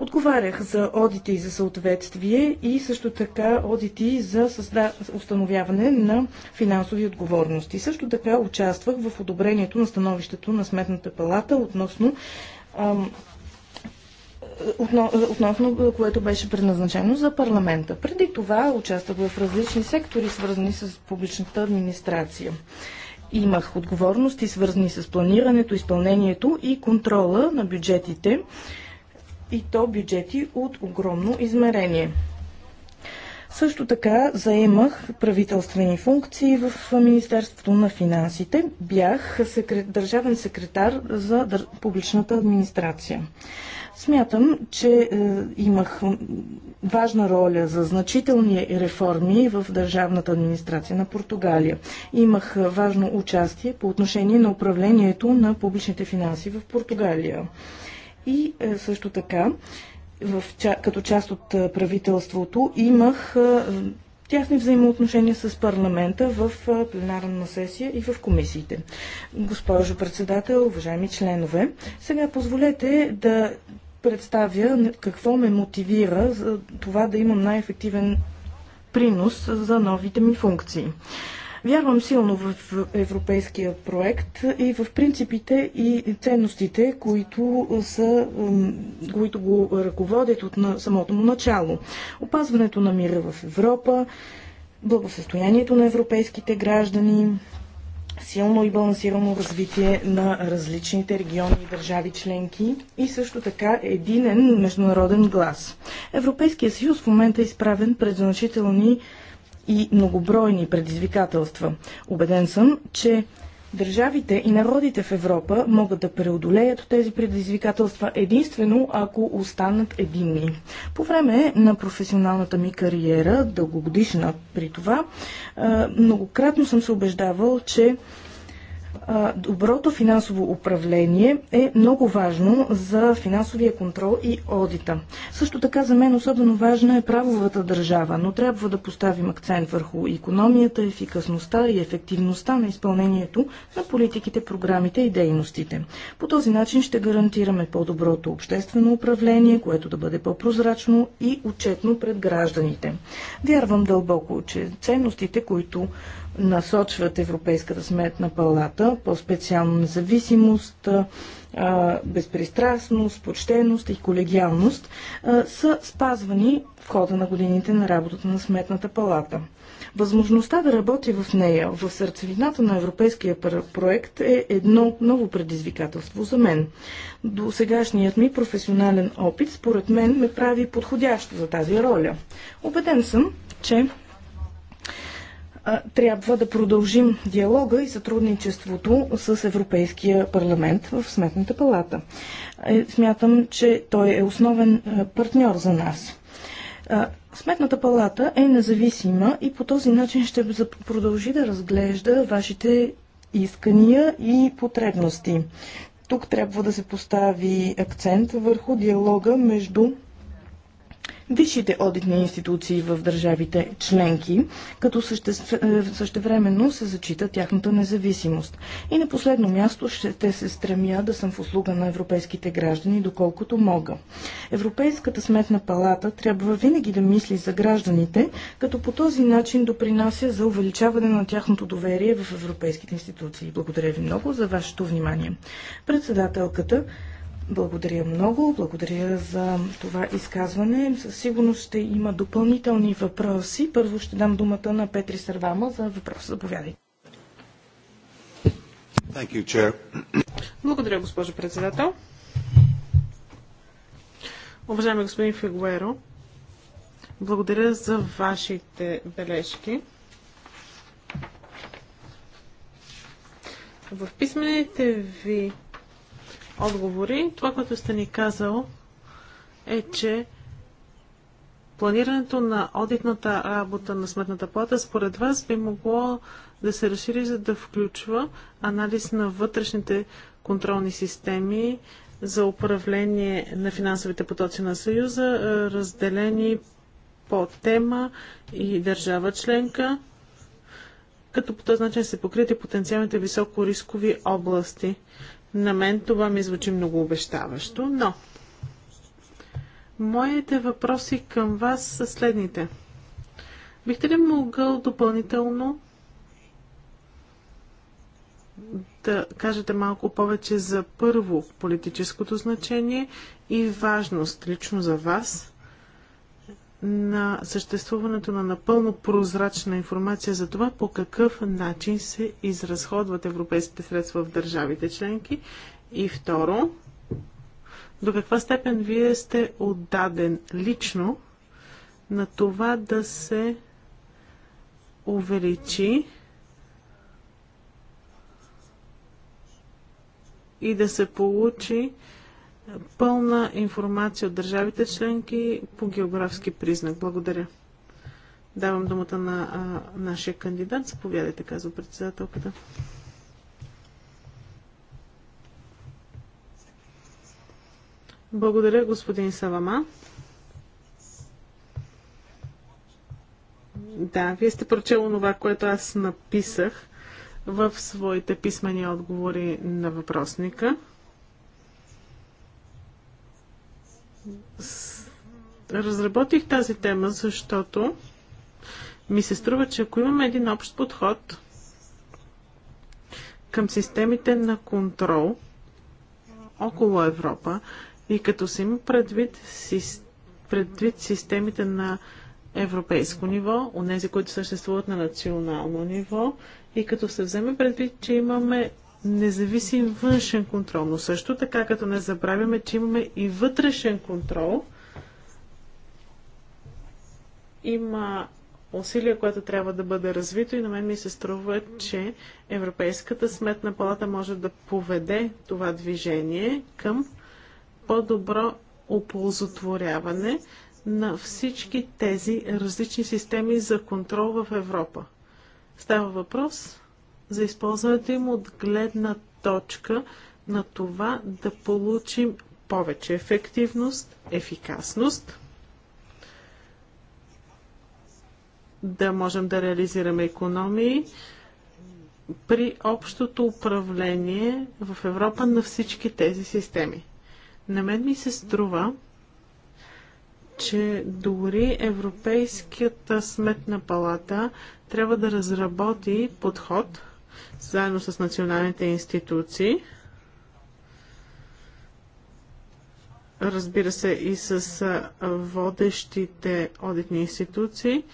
Отговарях за одити за съответствие и също така одити за създа... установяване на финансови отговорности. Също така участвах в одобрението на становището на Сметната Сметната палата относно относно което беше предназначено за парламента. Преди това участвах в различни сектори, свързани с публичната администрация. Имах отговорности, свързани с планирането, изпълнението и контрола на бюджетите, и то бюджети от огромно измерение. Също така заемах правителствени функции в Министерството на финансите. Бях секрет, държавен секретар за дър... публичната администрация. Смятам, че е, имах важна роля за значителни реформи в държавната администрация на Португалия. Имах важно участие по отношение на управлението на публичните финанси в Португалия. И е, също така в, като част от правителството, имах тясни взаимоотношения с парламента в пленарна сесия и в комисиите. Госпожо председател, уважаеми членове, сега позволете да представя какво ме мотивира за това да имам най-ефективен принос за новите ми функции. Вярвам силно в европейския проект и в принципите и ценностите, които, са, които го ръководят от самото му начало. Опазването на мира в Европа, благосъстоянието на европейските граждани, силно и балансирано развитие на различните региони и държави членки и също така единен международен глас. Европейския съюз в момента е изправен пред значителни и многобройни предизвикателства. Обеден съм, че Държавите и народите в Европа могат да преодолеят тези предизвикателства единствено ако останат единни. По време на професионалната ми кариера, дългогодишна при това, многократно съм се убеждавал, че Доброто финансово управление е много важно за финансовия контрол и одита. Също така за мен особено важна е правовата държава, но трябва да поставим акцент върху економията, ефикасността и ефективността на изпълнението на политиките, програмите и дейностите. По този начин ще гарантираме по-доброто обществено управление, което да бъде по-прозрачно и отчетно пред гражданите. Вярвам дълбоко, че ценностите, които насочват Европейската сметна палата, по-специално независимост, безпристрастност, почтеност и колегиалност, са спазвани в хода на годините на работата на сметната палата. Възможността да работи в нея, в сърцевината на европейския проект е едно ново предизвикателство за мен. До сегашният ми професионален опит, според мен, ме прави подходящо за тази роля. Обеден съм, че трябва да продължим диалога и сътрудничеството с Европейския парламент в Сметната палата. Е, смятам, че той е основен партньор за нас. Сметната палата е независима и по този начин ще продължи да разглежда вашите искания и потребности. Тук трябва да се постави акцент върху диалога между висшите одитни институции в държавите членки, като е, същевременно се зачита тяхната независимост. И на последно място ще се стремя да съм в услуга на европейските граждани, доколкото мога. Европейската сметна палата трябва винаги да мисли за гражданите, като по този начин допринася за увеличаване на тяхното доверие в европейските институции. Благодаря ви много за вашето внимание. Председателката благодаря много. Благодаря за това изказване. Със сигурност ще има допълнителни въпроси. Първо ще дам думата на Петри Сървама за въпрос. Заповядайте. You, Благодаря, госпожо председател. Уважаеми господин Фигуеро, благодаря за вашите бележки. В писмените ви отговори. Това, което сте ни казал е, че планирането на одитната работа на Сметната плата според вас би могло да се разшири, за да включва анализ на вътрешните контролни системи за управление на финансовите потоци на Съюза, разделени по тема и държава членка, като по този начин се покрити потенциалните високорискови области. На мен това ми звучи много обещаващо, но моите въпроси към вас са следните. Бихте ли могъл допълнително да кажете малко повече за първо политическото значение и важност лично за вас на съществуването на напълно прозрачна информация за това по какъв начин се изразходват европейските средства в държавите членки. И второ, до каква степен вие сте отдаден лично на това да се увеличи и да се получи пълна информация от държавите членки по географски признак. Благодаря. Давам думата на а, нашия кандидат. Заповядайте, казва председателката. Благодаря, господин Савама. Да, вие сте прочело това, което аз написах в своите писмени отговори на въпросника. разработих тази тема, защото ми се струва, че ако имаме един общ подход към системите на контрол около Европа и като се има предвид, предвид системите на европейско ниво, онези, които съществуват на национално ниво, и като се вземе предвид, че имаме независим външен контрол. Но също така, като не забравяме, че имаме и вътрешен контрол, има усилия, което трябва да бъде развито и на мен ми се струва, че Европейската сметна палата може да поведе това движение към по-добро оползотворяване на всички тези различни системи за контрол в Европа. Става въпрос за използването им от гледна точка на това да получим повече ефективност, ефикасност, да можем да реализираме економии при общото управление в Европа на всички тези системи. На мен ми се струва, че дори Европейската сметна палата трябва да разработи подход – заедно с националните институции. Разбира се и с водещите одитни институции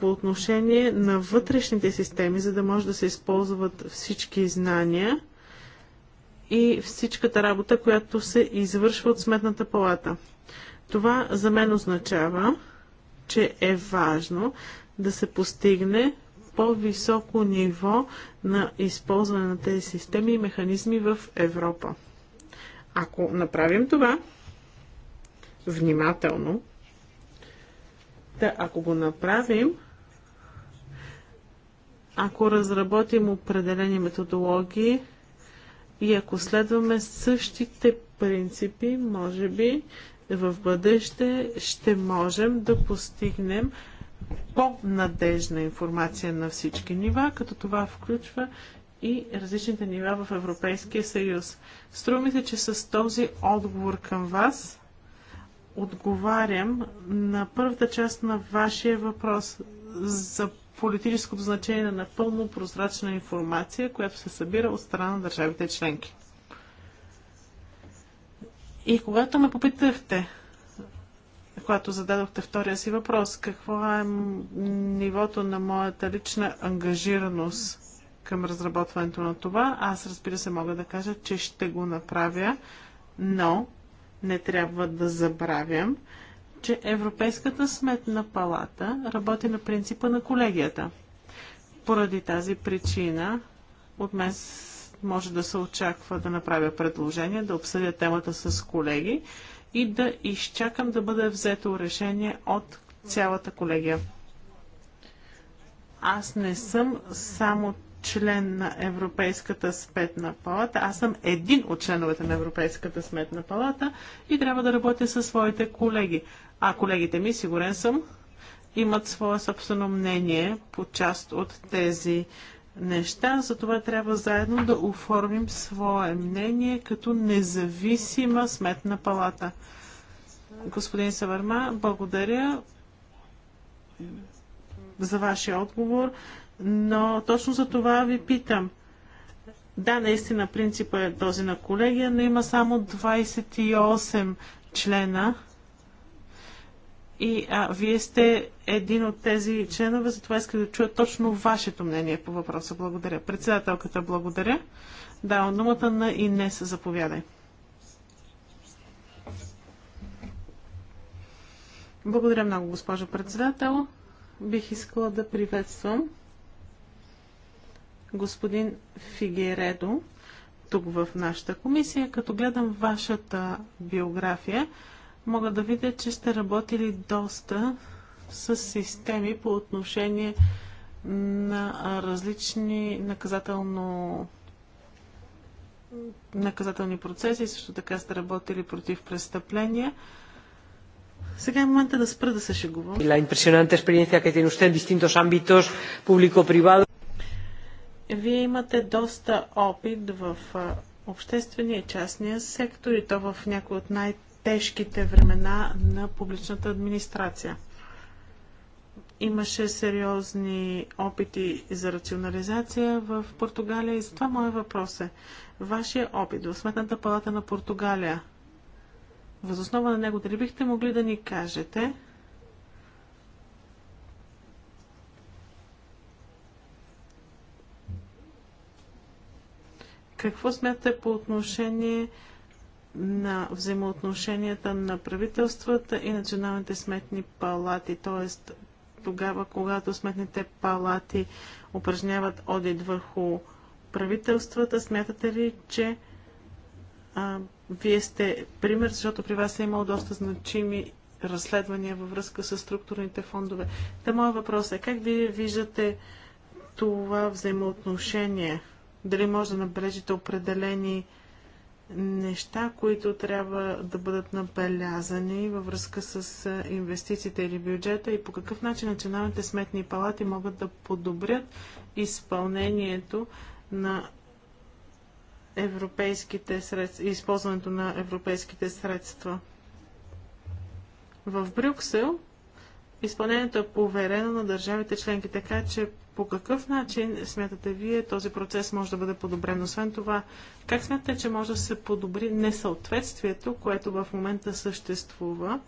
по отношение на вътрешните системи, за да може да се използват всички знания и всичката работа, която се извършва от Сметната палата. Това за мен означава, че е важно да се постигне по-високо ниво на използване на тези системи и механизми в Европа. Ако направим това внимателно, да, ако го направим, ако разработим определени методологии и ако следваме същите принципи, може би в бъдеще ще можем да постигнем по-надежна информация на всички нива, като това включва и различните нива в Европейския съюз. Струва ми се, че с този отговор към вас отговарям на първата част на вашия въпрос за политическото значение на напълно прозрачна информация, която се събира от страна на държавите членки. И когато ме попитахте когато зададохте втория си въпрос. Какво е нивото на моята лична ангажираност към разработването на това? Аз разбира се мога да кажа, че ще го направя, но не трябва да забравям, че Европейската сметна палата работи на принципа на колегията. Поради тази причина от мен може да се очаква да направя предложение, да обсъдя темата с колеги и да изчакам да бъде взето решение от цялата колегия. Аз не съм само член на Европейската сметна палата. Аз съм един от членовете на Европейската сметна палата и трябва да работя със своите колеги. А колегите ми, сигурен съм, имат свое собствено мнение по част от тези неща, затова трябва заедно да оформим свое мнение като независима сметна палата. Господин Саварма, благодаря за вашия отговор, но точно за това ви питам. Да, наистина принципът е този на колегия, но има само 28 члена и а, вие сте един от тези членове, затова иска да чуя точно вашето мнение по въпроса. Благодаря. Председателката, благодаря. Да, думата на Инес, заповядай. Благодаря много, госпожо председател. Бих искала да приветствам господин Фигередо тук в нашата комисия. Като гледам вашата биография, мога да видя, че сте работили доста с системи по отношение на различни наказателно наказателни процеси, също така сте работили против престъпления. Сега е момента да спра да се шегувам. La impresionante experiencia que tiene usted en distintos ámbitos público-privado. Вие имате доста опит в обществения и частния сектор и то в някои от най- тежките времена на публичната администрация. Имаше сериозни опити за рационализация в Португалия и затова моят въпрос е вашия опит в Сметната палата на Португалия. Възоснова на него, дали бихте могли да ни кажете какво смятате по отношение на взаимоотношенията на правителствата и националните сметни палати, т.е. тогава, когато сметните палати упражняват одит върху правителствата, смятате ли, че а, вие сте пример, защото при вас е имало доста значими разследвания във връзка с структурните фондове. Та моят въпрос е, как вие виждате това взаимоотношение? Дали може да набележите определени неща, които трябва да бъдат набелязани във връзка с инвестициите или бюджета и по какъв начин националните сметни палати могат да подобрят изпълнението на европейските средства, използването на европейските средства. В Брюксел изпълнението е поверено на държавите членки, така че по какъв начин смятате вие този процес може да бъде подобрен? Освен това, как смятате, че може да се подобри несъответствието, което в момента съществува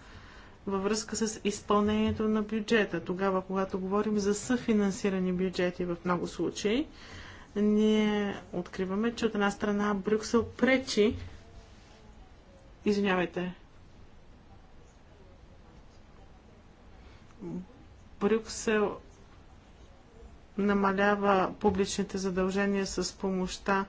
във връзка с изпълнението на бюджета? Тогава, когато говорим за съфинансирани бюджети в много случаи, ние откриваме, че от една страна Брюксел пречи Извинявайте. Брюксел намалява публичните задължения с помощта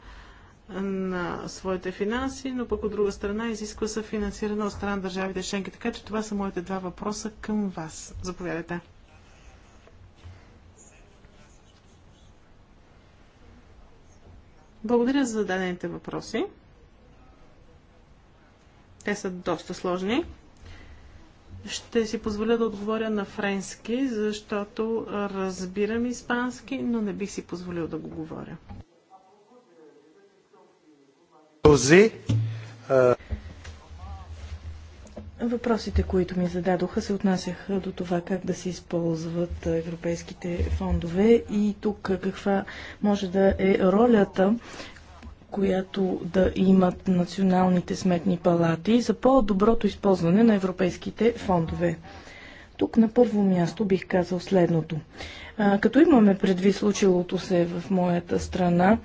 на своите финанси, но пък от друга страна изисква съфинансиране от страна на държавите членки. Така че това са моите два въпроса към вас. Заповядайте. Благодаря за зададените въпроси. Те са доста сложни. Ще си позволя да отговоря на френски, защото разбирам испански, но не бих си позволил да го говоря. Въпросите, които ми зададоха, се отнасяха до това как да се използват европейските фондове и тук каква може да е ролята, която да имат националните сметни палати за по-доброто използване на европейските фондове. Тук на първо място бих казал следното. Като имаме предвид случилото се в моята страна,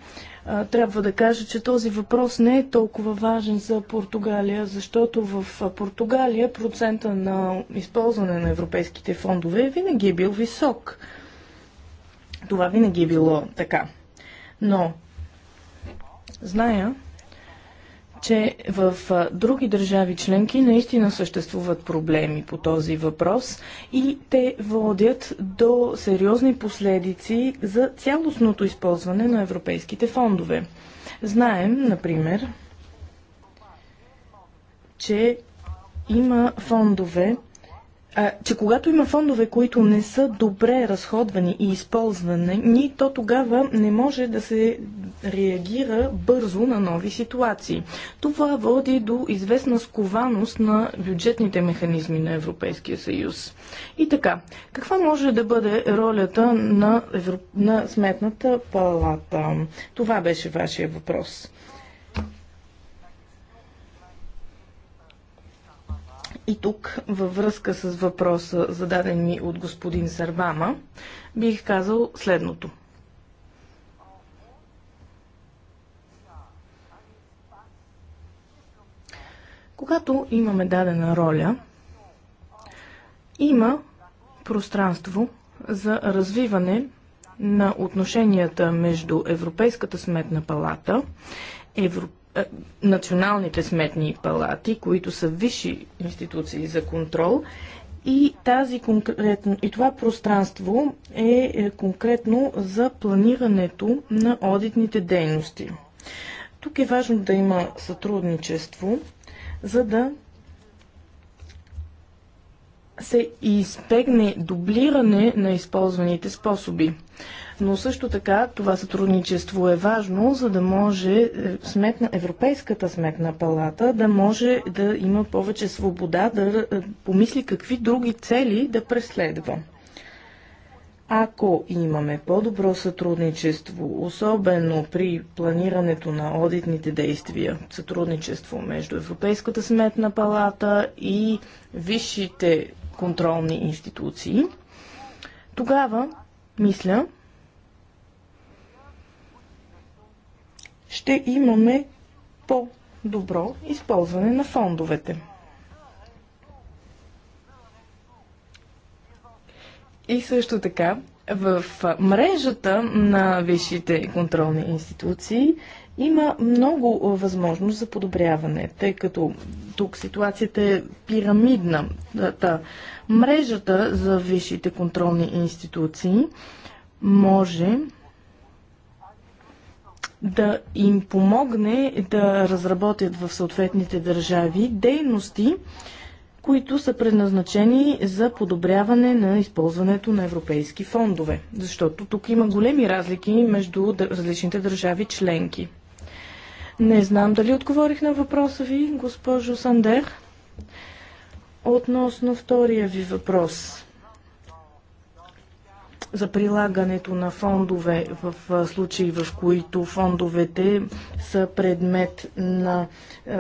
трябва да кажа, че този въпрос не е толкова важен за Португалия, защото в Португалия процента на използване на европейските фондове винаги е бил висок. Това винаги е било така. Но Зная, че в други държави членки наистина съществуват проблеми по този въпрос и те водят до сериозни последици за цялостното използване на европейските фондове. Знаем, например, че има фондове, че когато има фондове, които не са добре разходвани и използвани, то тогава не може да се реагира бързо на нови ситуации. Това води до известна скованост на бюджетните механизми на Европейския съюз. И така, каква може да бъде ролята на, Европ... на Сметната палата? Това беше вашия въпрос. и тук във връзка с въпроса, зададен ми от господин Сарбама, бих казал следното. Когато имаме дадена роля, има пространство за развиване на отношенията между Европейската сметна палата, Европейската е, националните сметни палати, които са висши институции за контрол. И, тази конкретно, и това пространство е, е конкретно за планирането на одитните дейности. Тук е важно да има сътрудничество, за да се избегне дублиране на използваните способи. Но също така това сътрудничество е важно, за да може е, сметна, Европейската сметна палата да може да има повече свобода да е, помисли какви други цели да преследва. Ако имаме по-добро сътрудничество, особено при планирането на одитните действия, сътрудничество между Европейската сметна палата и висшите контролни институции, тогава, мисля, ще имаме по-добро използване на фондовете. И също така, в мрежата на висшите контролни институции има много възможност за подобряване, тъй като тук ситуацията е пирамидна. Та, мрежата за висшите контролни институции може да им помогне да разработят в съответните държави дейности, които са предназначени за подобряване на използването на европейски фондове. Защото тук има големи разлики между различните държави членки. Не знам дали отговорих на въпроса ви, госпожо Сандер. Относно втория ви въпрос за прилагането на фондове в случаи, в които фондовете са предмет на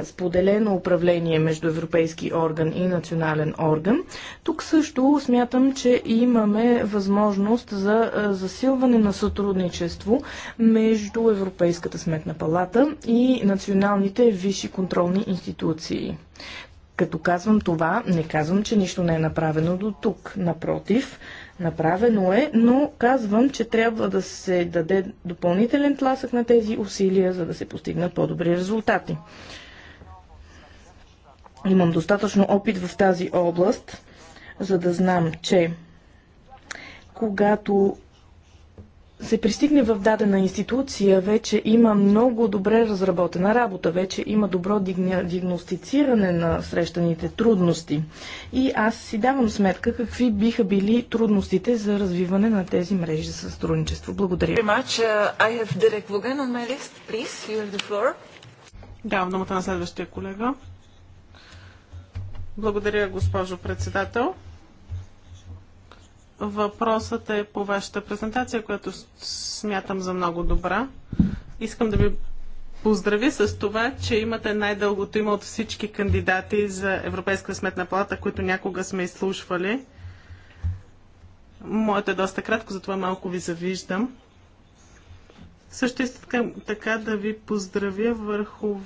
споделено управление между европейски орган и национален орган. Тук също смятам, че имаме възможност за засилване на сътрудничество между Европейската сметна палата и националните висши контролни институции. Като казвам това, не казвам, че нищо не е направено до тук. Напротив, Направено е, но казвам, че трябва да се даде допълнителен тласък на тези усилия, за да се постигнат по-добри резултати. Имам достатъчно опит в тази област, за да знам, че когато се пристигне в дадена институция, вече има много добре разработена работа, вече има добро диагностициране на срещаните трудности. И аз си давам сметка какви биха били трудностите за развиване на тези мрежи за сътрудничество. Благодаря. Uh, давам думата на следващия колега. Благодаря, госпожо председател. Въпросът е по вашата презентация, която смятам за много добра. Искам да ви поздрави с това, че имате най-дългото име от всички кандидати за Европейска сметна палата, които някога сме изслушвали. Моето е доста кратко, затова малко ви завиждам. Също искам така да ви поздравя върху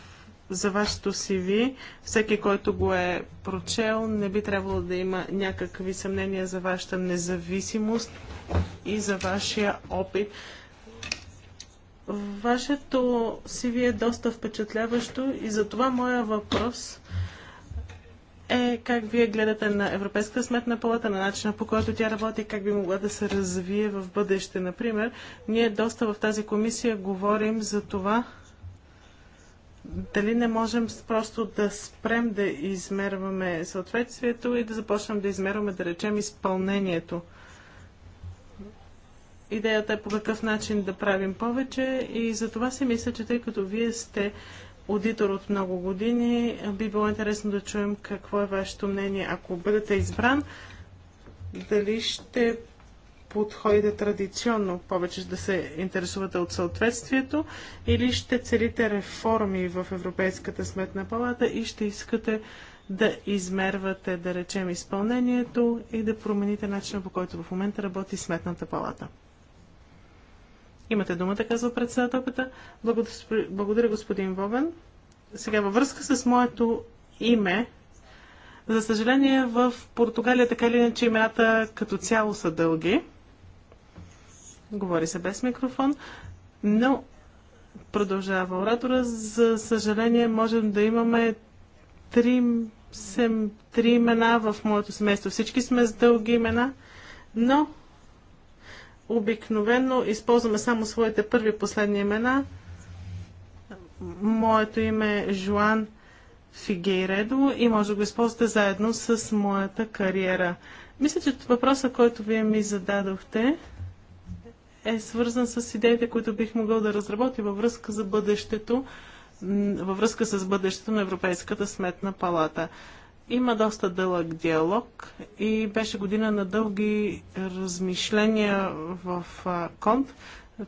за вашето CV. Всеки, който го е прочел, не би трябвало да има някакви съмнения за вашата независимост и за вашия опит. Вашето CV е доста впечатляващо и за това моя въпрос е как вие гледате на Европейска сметна палата, на начина по който тя работи, как би могла да се развие в бъдеще. Например, ние доста в тази комисия говорим за това, дали не можем просто да спрем да измерваме съответствието и да започнем да измерваме, да речем, изпълнението. Идеята е по какъв начин да правим повече и за това си мисля, че тъй като вие сте аудитор от много години, би било интересно да чуем какво е вашето мнение, ако бъдете избран, дали ще подходите традиционно, повече да се интересувате от съответствието, или ще целите реформи в Европейската сметна палата и ще искате да измервате, да речем, изпълнението и да промените начина по който в момента работи сметната палата. Имате думата, казва председателката. Благодаря, господин Вовен. Сега, във връзка с моето име, за съжаление, в Португалия така или иначе имената като цяло са дълги. Говори се без микрофон, но продължава оратора. За съжаление, можем да имаме три, сем, три имена в моето семейство. Всички сме с дълги имена, но обикновено използваме само своите първи и последни имена. Моето име е Жуан Фигейредо и може да го използвате заедно с моята кариера. Мисля, че въпросът, който вие ми зададохте, е свързан с идеите, които бих могъл да разработя във връзка за бъдещето, във връзка с бъдещето на Европейската сметна палата. Има доста дълъг диалог и беше година на дълги размишления в Конт.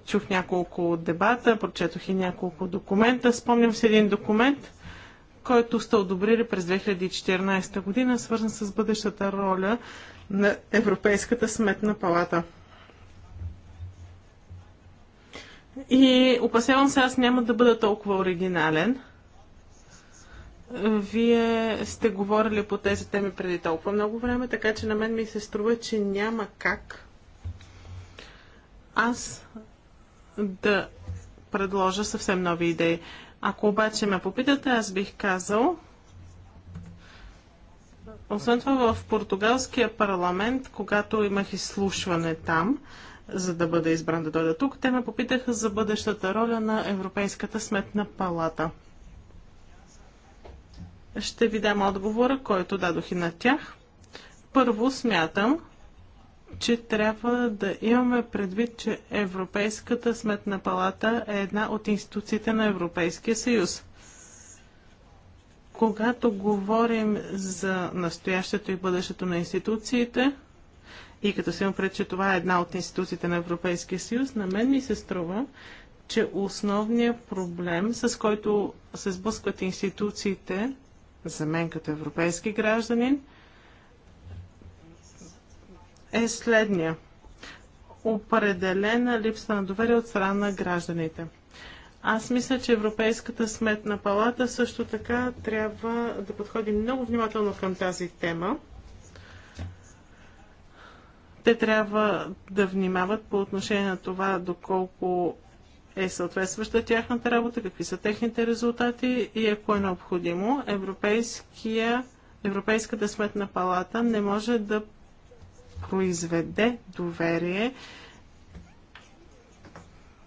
Чух няколко дебата, прочетох и няколко документа. Спомням се един документ, който сте одобрили през 2014 година, свързан с бъдещата роля на Европейската сметна палата. И опасявам се, аз няма да бъда толкова оригинален. Вие сте говорили по тези теми преди толкова много време, така че на мен ми се струва, че няма как аз да предложа съвсем нови идеи. Ако обаче ме попитате, аз бих казал, освен това в португалския парламент, когато имах изслушване там, за да бъде избран да дойда тук. Те ме попитаха за бъдещата роля на Европейската сметна палата. Ще ви дам отговора, който дадох и на тях. Първо смятам, че трябва да имаме предвид, че Европейската сметна палата е една от институциите на Европейския съюз. Когато говорим за настоящето и бъдещето на институциите, и като се пред, че това е една от институциите на Европейския съюз, на мен ми се струва, че основният проблем, с който се сблъскват институциите, за мен като европейски гражданин, е следния. Определена липса на доверие от страна на гражданите. Аз мисля, че Европейската сметна палата също така трябва да подходи много внимателно към тази тема. Те трябва да внимават по отношение на това доколко е съответстваща тяхната работа, какви са техните резултати и ако е необходимо, Европейския, Европейската сметна палата не може да произведе доверие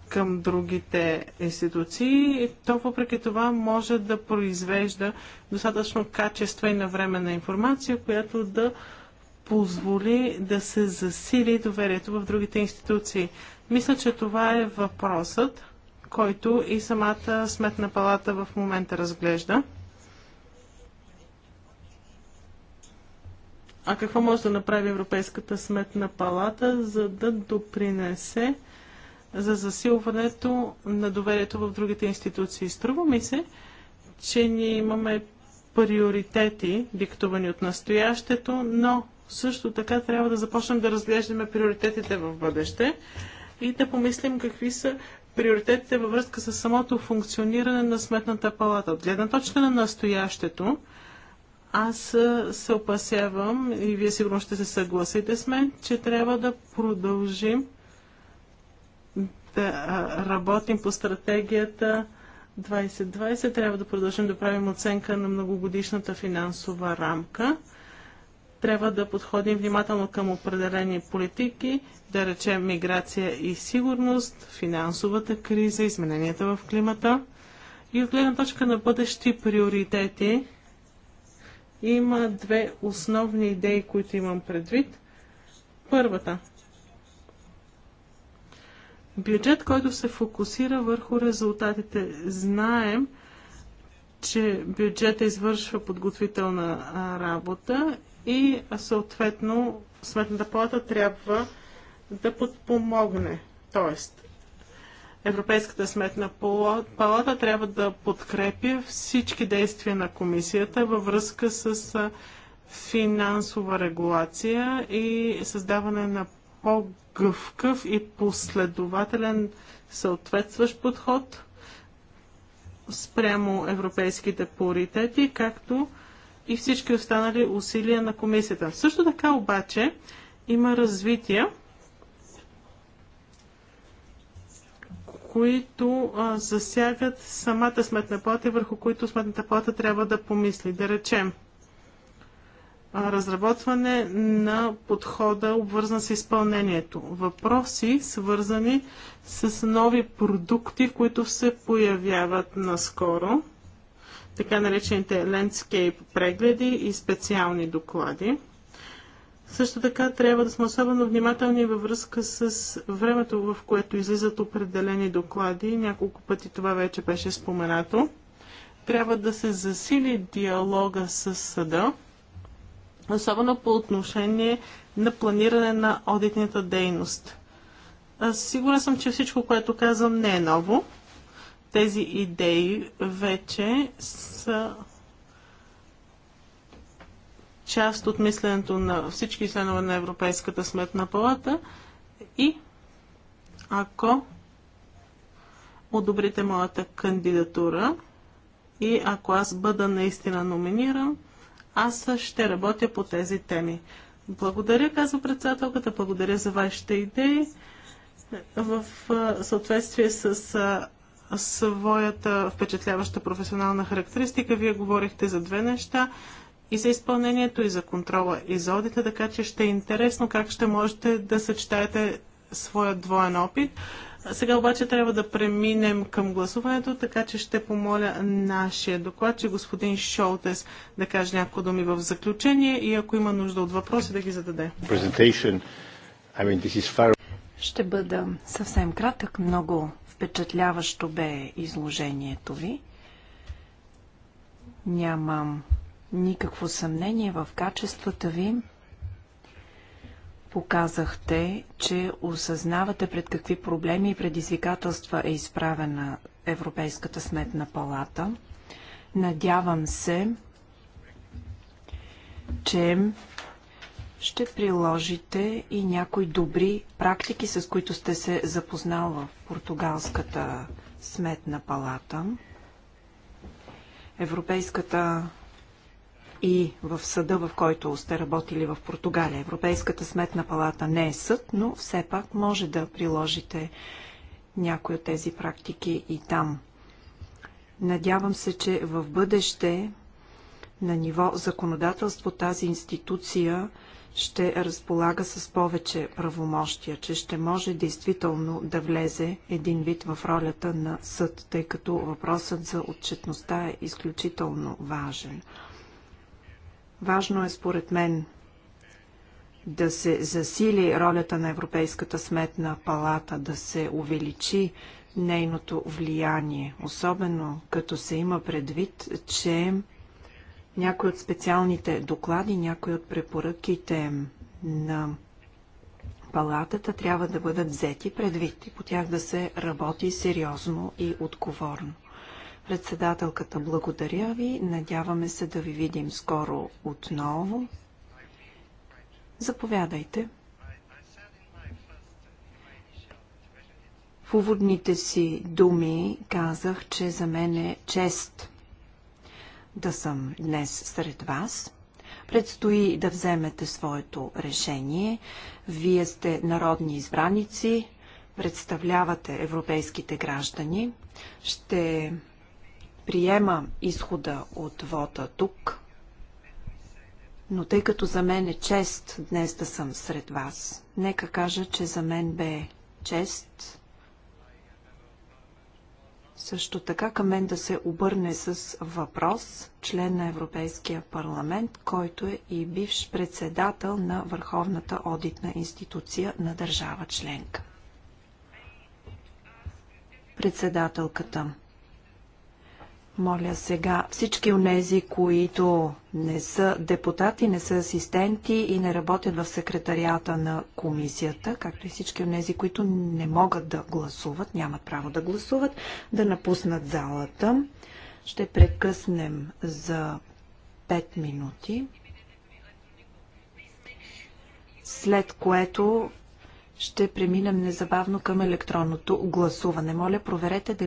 към другите институции, то въпреки това може да произвежда достатъчно качество и навременна информация, която да позволи да се засили доверието в другите институции. Мисля, че това е въпросът, който и самата сметна палата в момента разглежда. А какво може да направи Европейската сметна палата, за да допринесе за засилването на доверието в другите институции? Струва ми се, че ние имаме приоритети, диктувани от настоящето, но също така трябва да започнем да разглеждаме приоритетите в бъдеще и да помислим какви са приоритетите във връзка с самото функциониране на Сметната палата. От гледна точка на настоящето, аз се опасявам и вие сигурно ще се съгласите с мен, че трябва да продължим да работим по стратегията 2020. Трябва да продължим да правим оценка на многогодишната финансова рамка трябва да подходим внимателно към определени политики, да речем миграция и сигурност, финансовата криза, измененията в климата. И от гледна точка на бъдещи приоритети има две основни идеи, които имам предвид. Първата. Бюджет, който се фокусира върху резултатите. Знаем, че бюджета извършва подготвителна работа и съответно Сметната палата трябва да подпомогне. Тоест, Европейската сметна палата трябва да подкрепи всички действия на комисията във връзка с финансова регулация и създаване на по гъвкъв и последователен съответстващ подход спрямо европейските приоритети, както и всички останали усилия на комисията. Също така обаче има развития, които а, засягат самата сметна плата и върху които сметната плата трябва да помисли. Да речем, а, разработване на подхода, обвързан с изпълнението. Въпроси, свързани с нови продукти, които се появяват наскоро така наречените landscape прегледи и специални доклади. Също така трябва да сме особено внимателни във връзка с времето, в което излизат определени доклади. Няколко пъти това вече беше споменато. Трябва да се засили диалога с съда, особено по отношение на планиране на одитната дейност. сигурен съм, че всичко, което казвам, не е ново тези идеи вече са част от мисленето на всички членове на Европейската сметна палата и ако одобрите моята кандидатура и ако аз бъда наистина номиниран, аз ще работя по тези теми. Благодаря, казва председателката, благодаря за вашите идеи. В съответствие с своята впечатляваща професионална характеристика. Вие говорихте за две неща и за изпълнението, и за контрола, и за одита, така че ще е интересно как ще можете да съчетаете своя двоен опит. Сега обаче трябва да преминем към гласуването, така че ще помоля нашия доклад, че господин Шолтес да каже някои думи в заключение и ако има нужда от въпроси да ги зададе. Ще бъда съвсем кратък. Много Впечатляващо бе изложението ви. Нямам никакво съмнение в качествата ви. Показахте, че осъзнавате пред какви проблеми и предизвикателства е изправена Европейската сметна палата. Надявам се, че ще приложите и някои добри практики, с които сте се запознал в португалската сметна палата. Европейската и в съда, в който сте работили в Португалия. Европейската сметна палата не е съд, но все пак може да приложите някои от тези практики и там. Надявам се, че в бъдеще на ниво законодателство тази институция ще разполага с повече правомощия, че ще може действително да влезе един вид в ролята на съд, тъй като въпросът за отчетността е изключително важен. Важно е според мен да се засили ролята на Европейската сметна палата, да се увеличи нейното влияние, особено като се има предвид, че някои от специалните доклади, някои от препоръките на палатата трябва да бъдат взети предвид и по тях да се работи сериозно и отговорно. Председателката, благодаря ви. Надяваме се да ви видим скоро отново. Заповядайте. В уводните си думи казах, че за мен е чест да съм днес сред вас. Предстои да вземете своето решение. Вие сте народни избраници, представлявате европейските граждани. Ще приема изхода от вода тук, но тъй като за мен е чест днес да съм сред вас, нека кажа, че за мен бе чест също така към мен да се обърне с въпрос член на Европейския парламент, който е и бивш председател на Върховната одитна институция на държава членка. Председателката моля сега всички унези, които не са депутати, не са асистенти и не работят в секретарията на комисията, както и всички унези, които не могат да гласуват, нямат право да гласуват, да напуснат залата. Ще прекъснем за 5 минути, след което ще преминем незабавно към електронното гласуване. Моля, проверете дали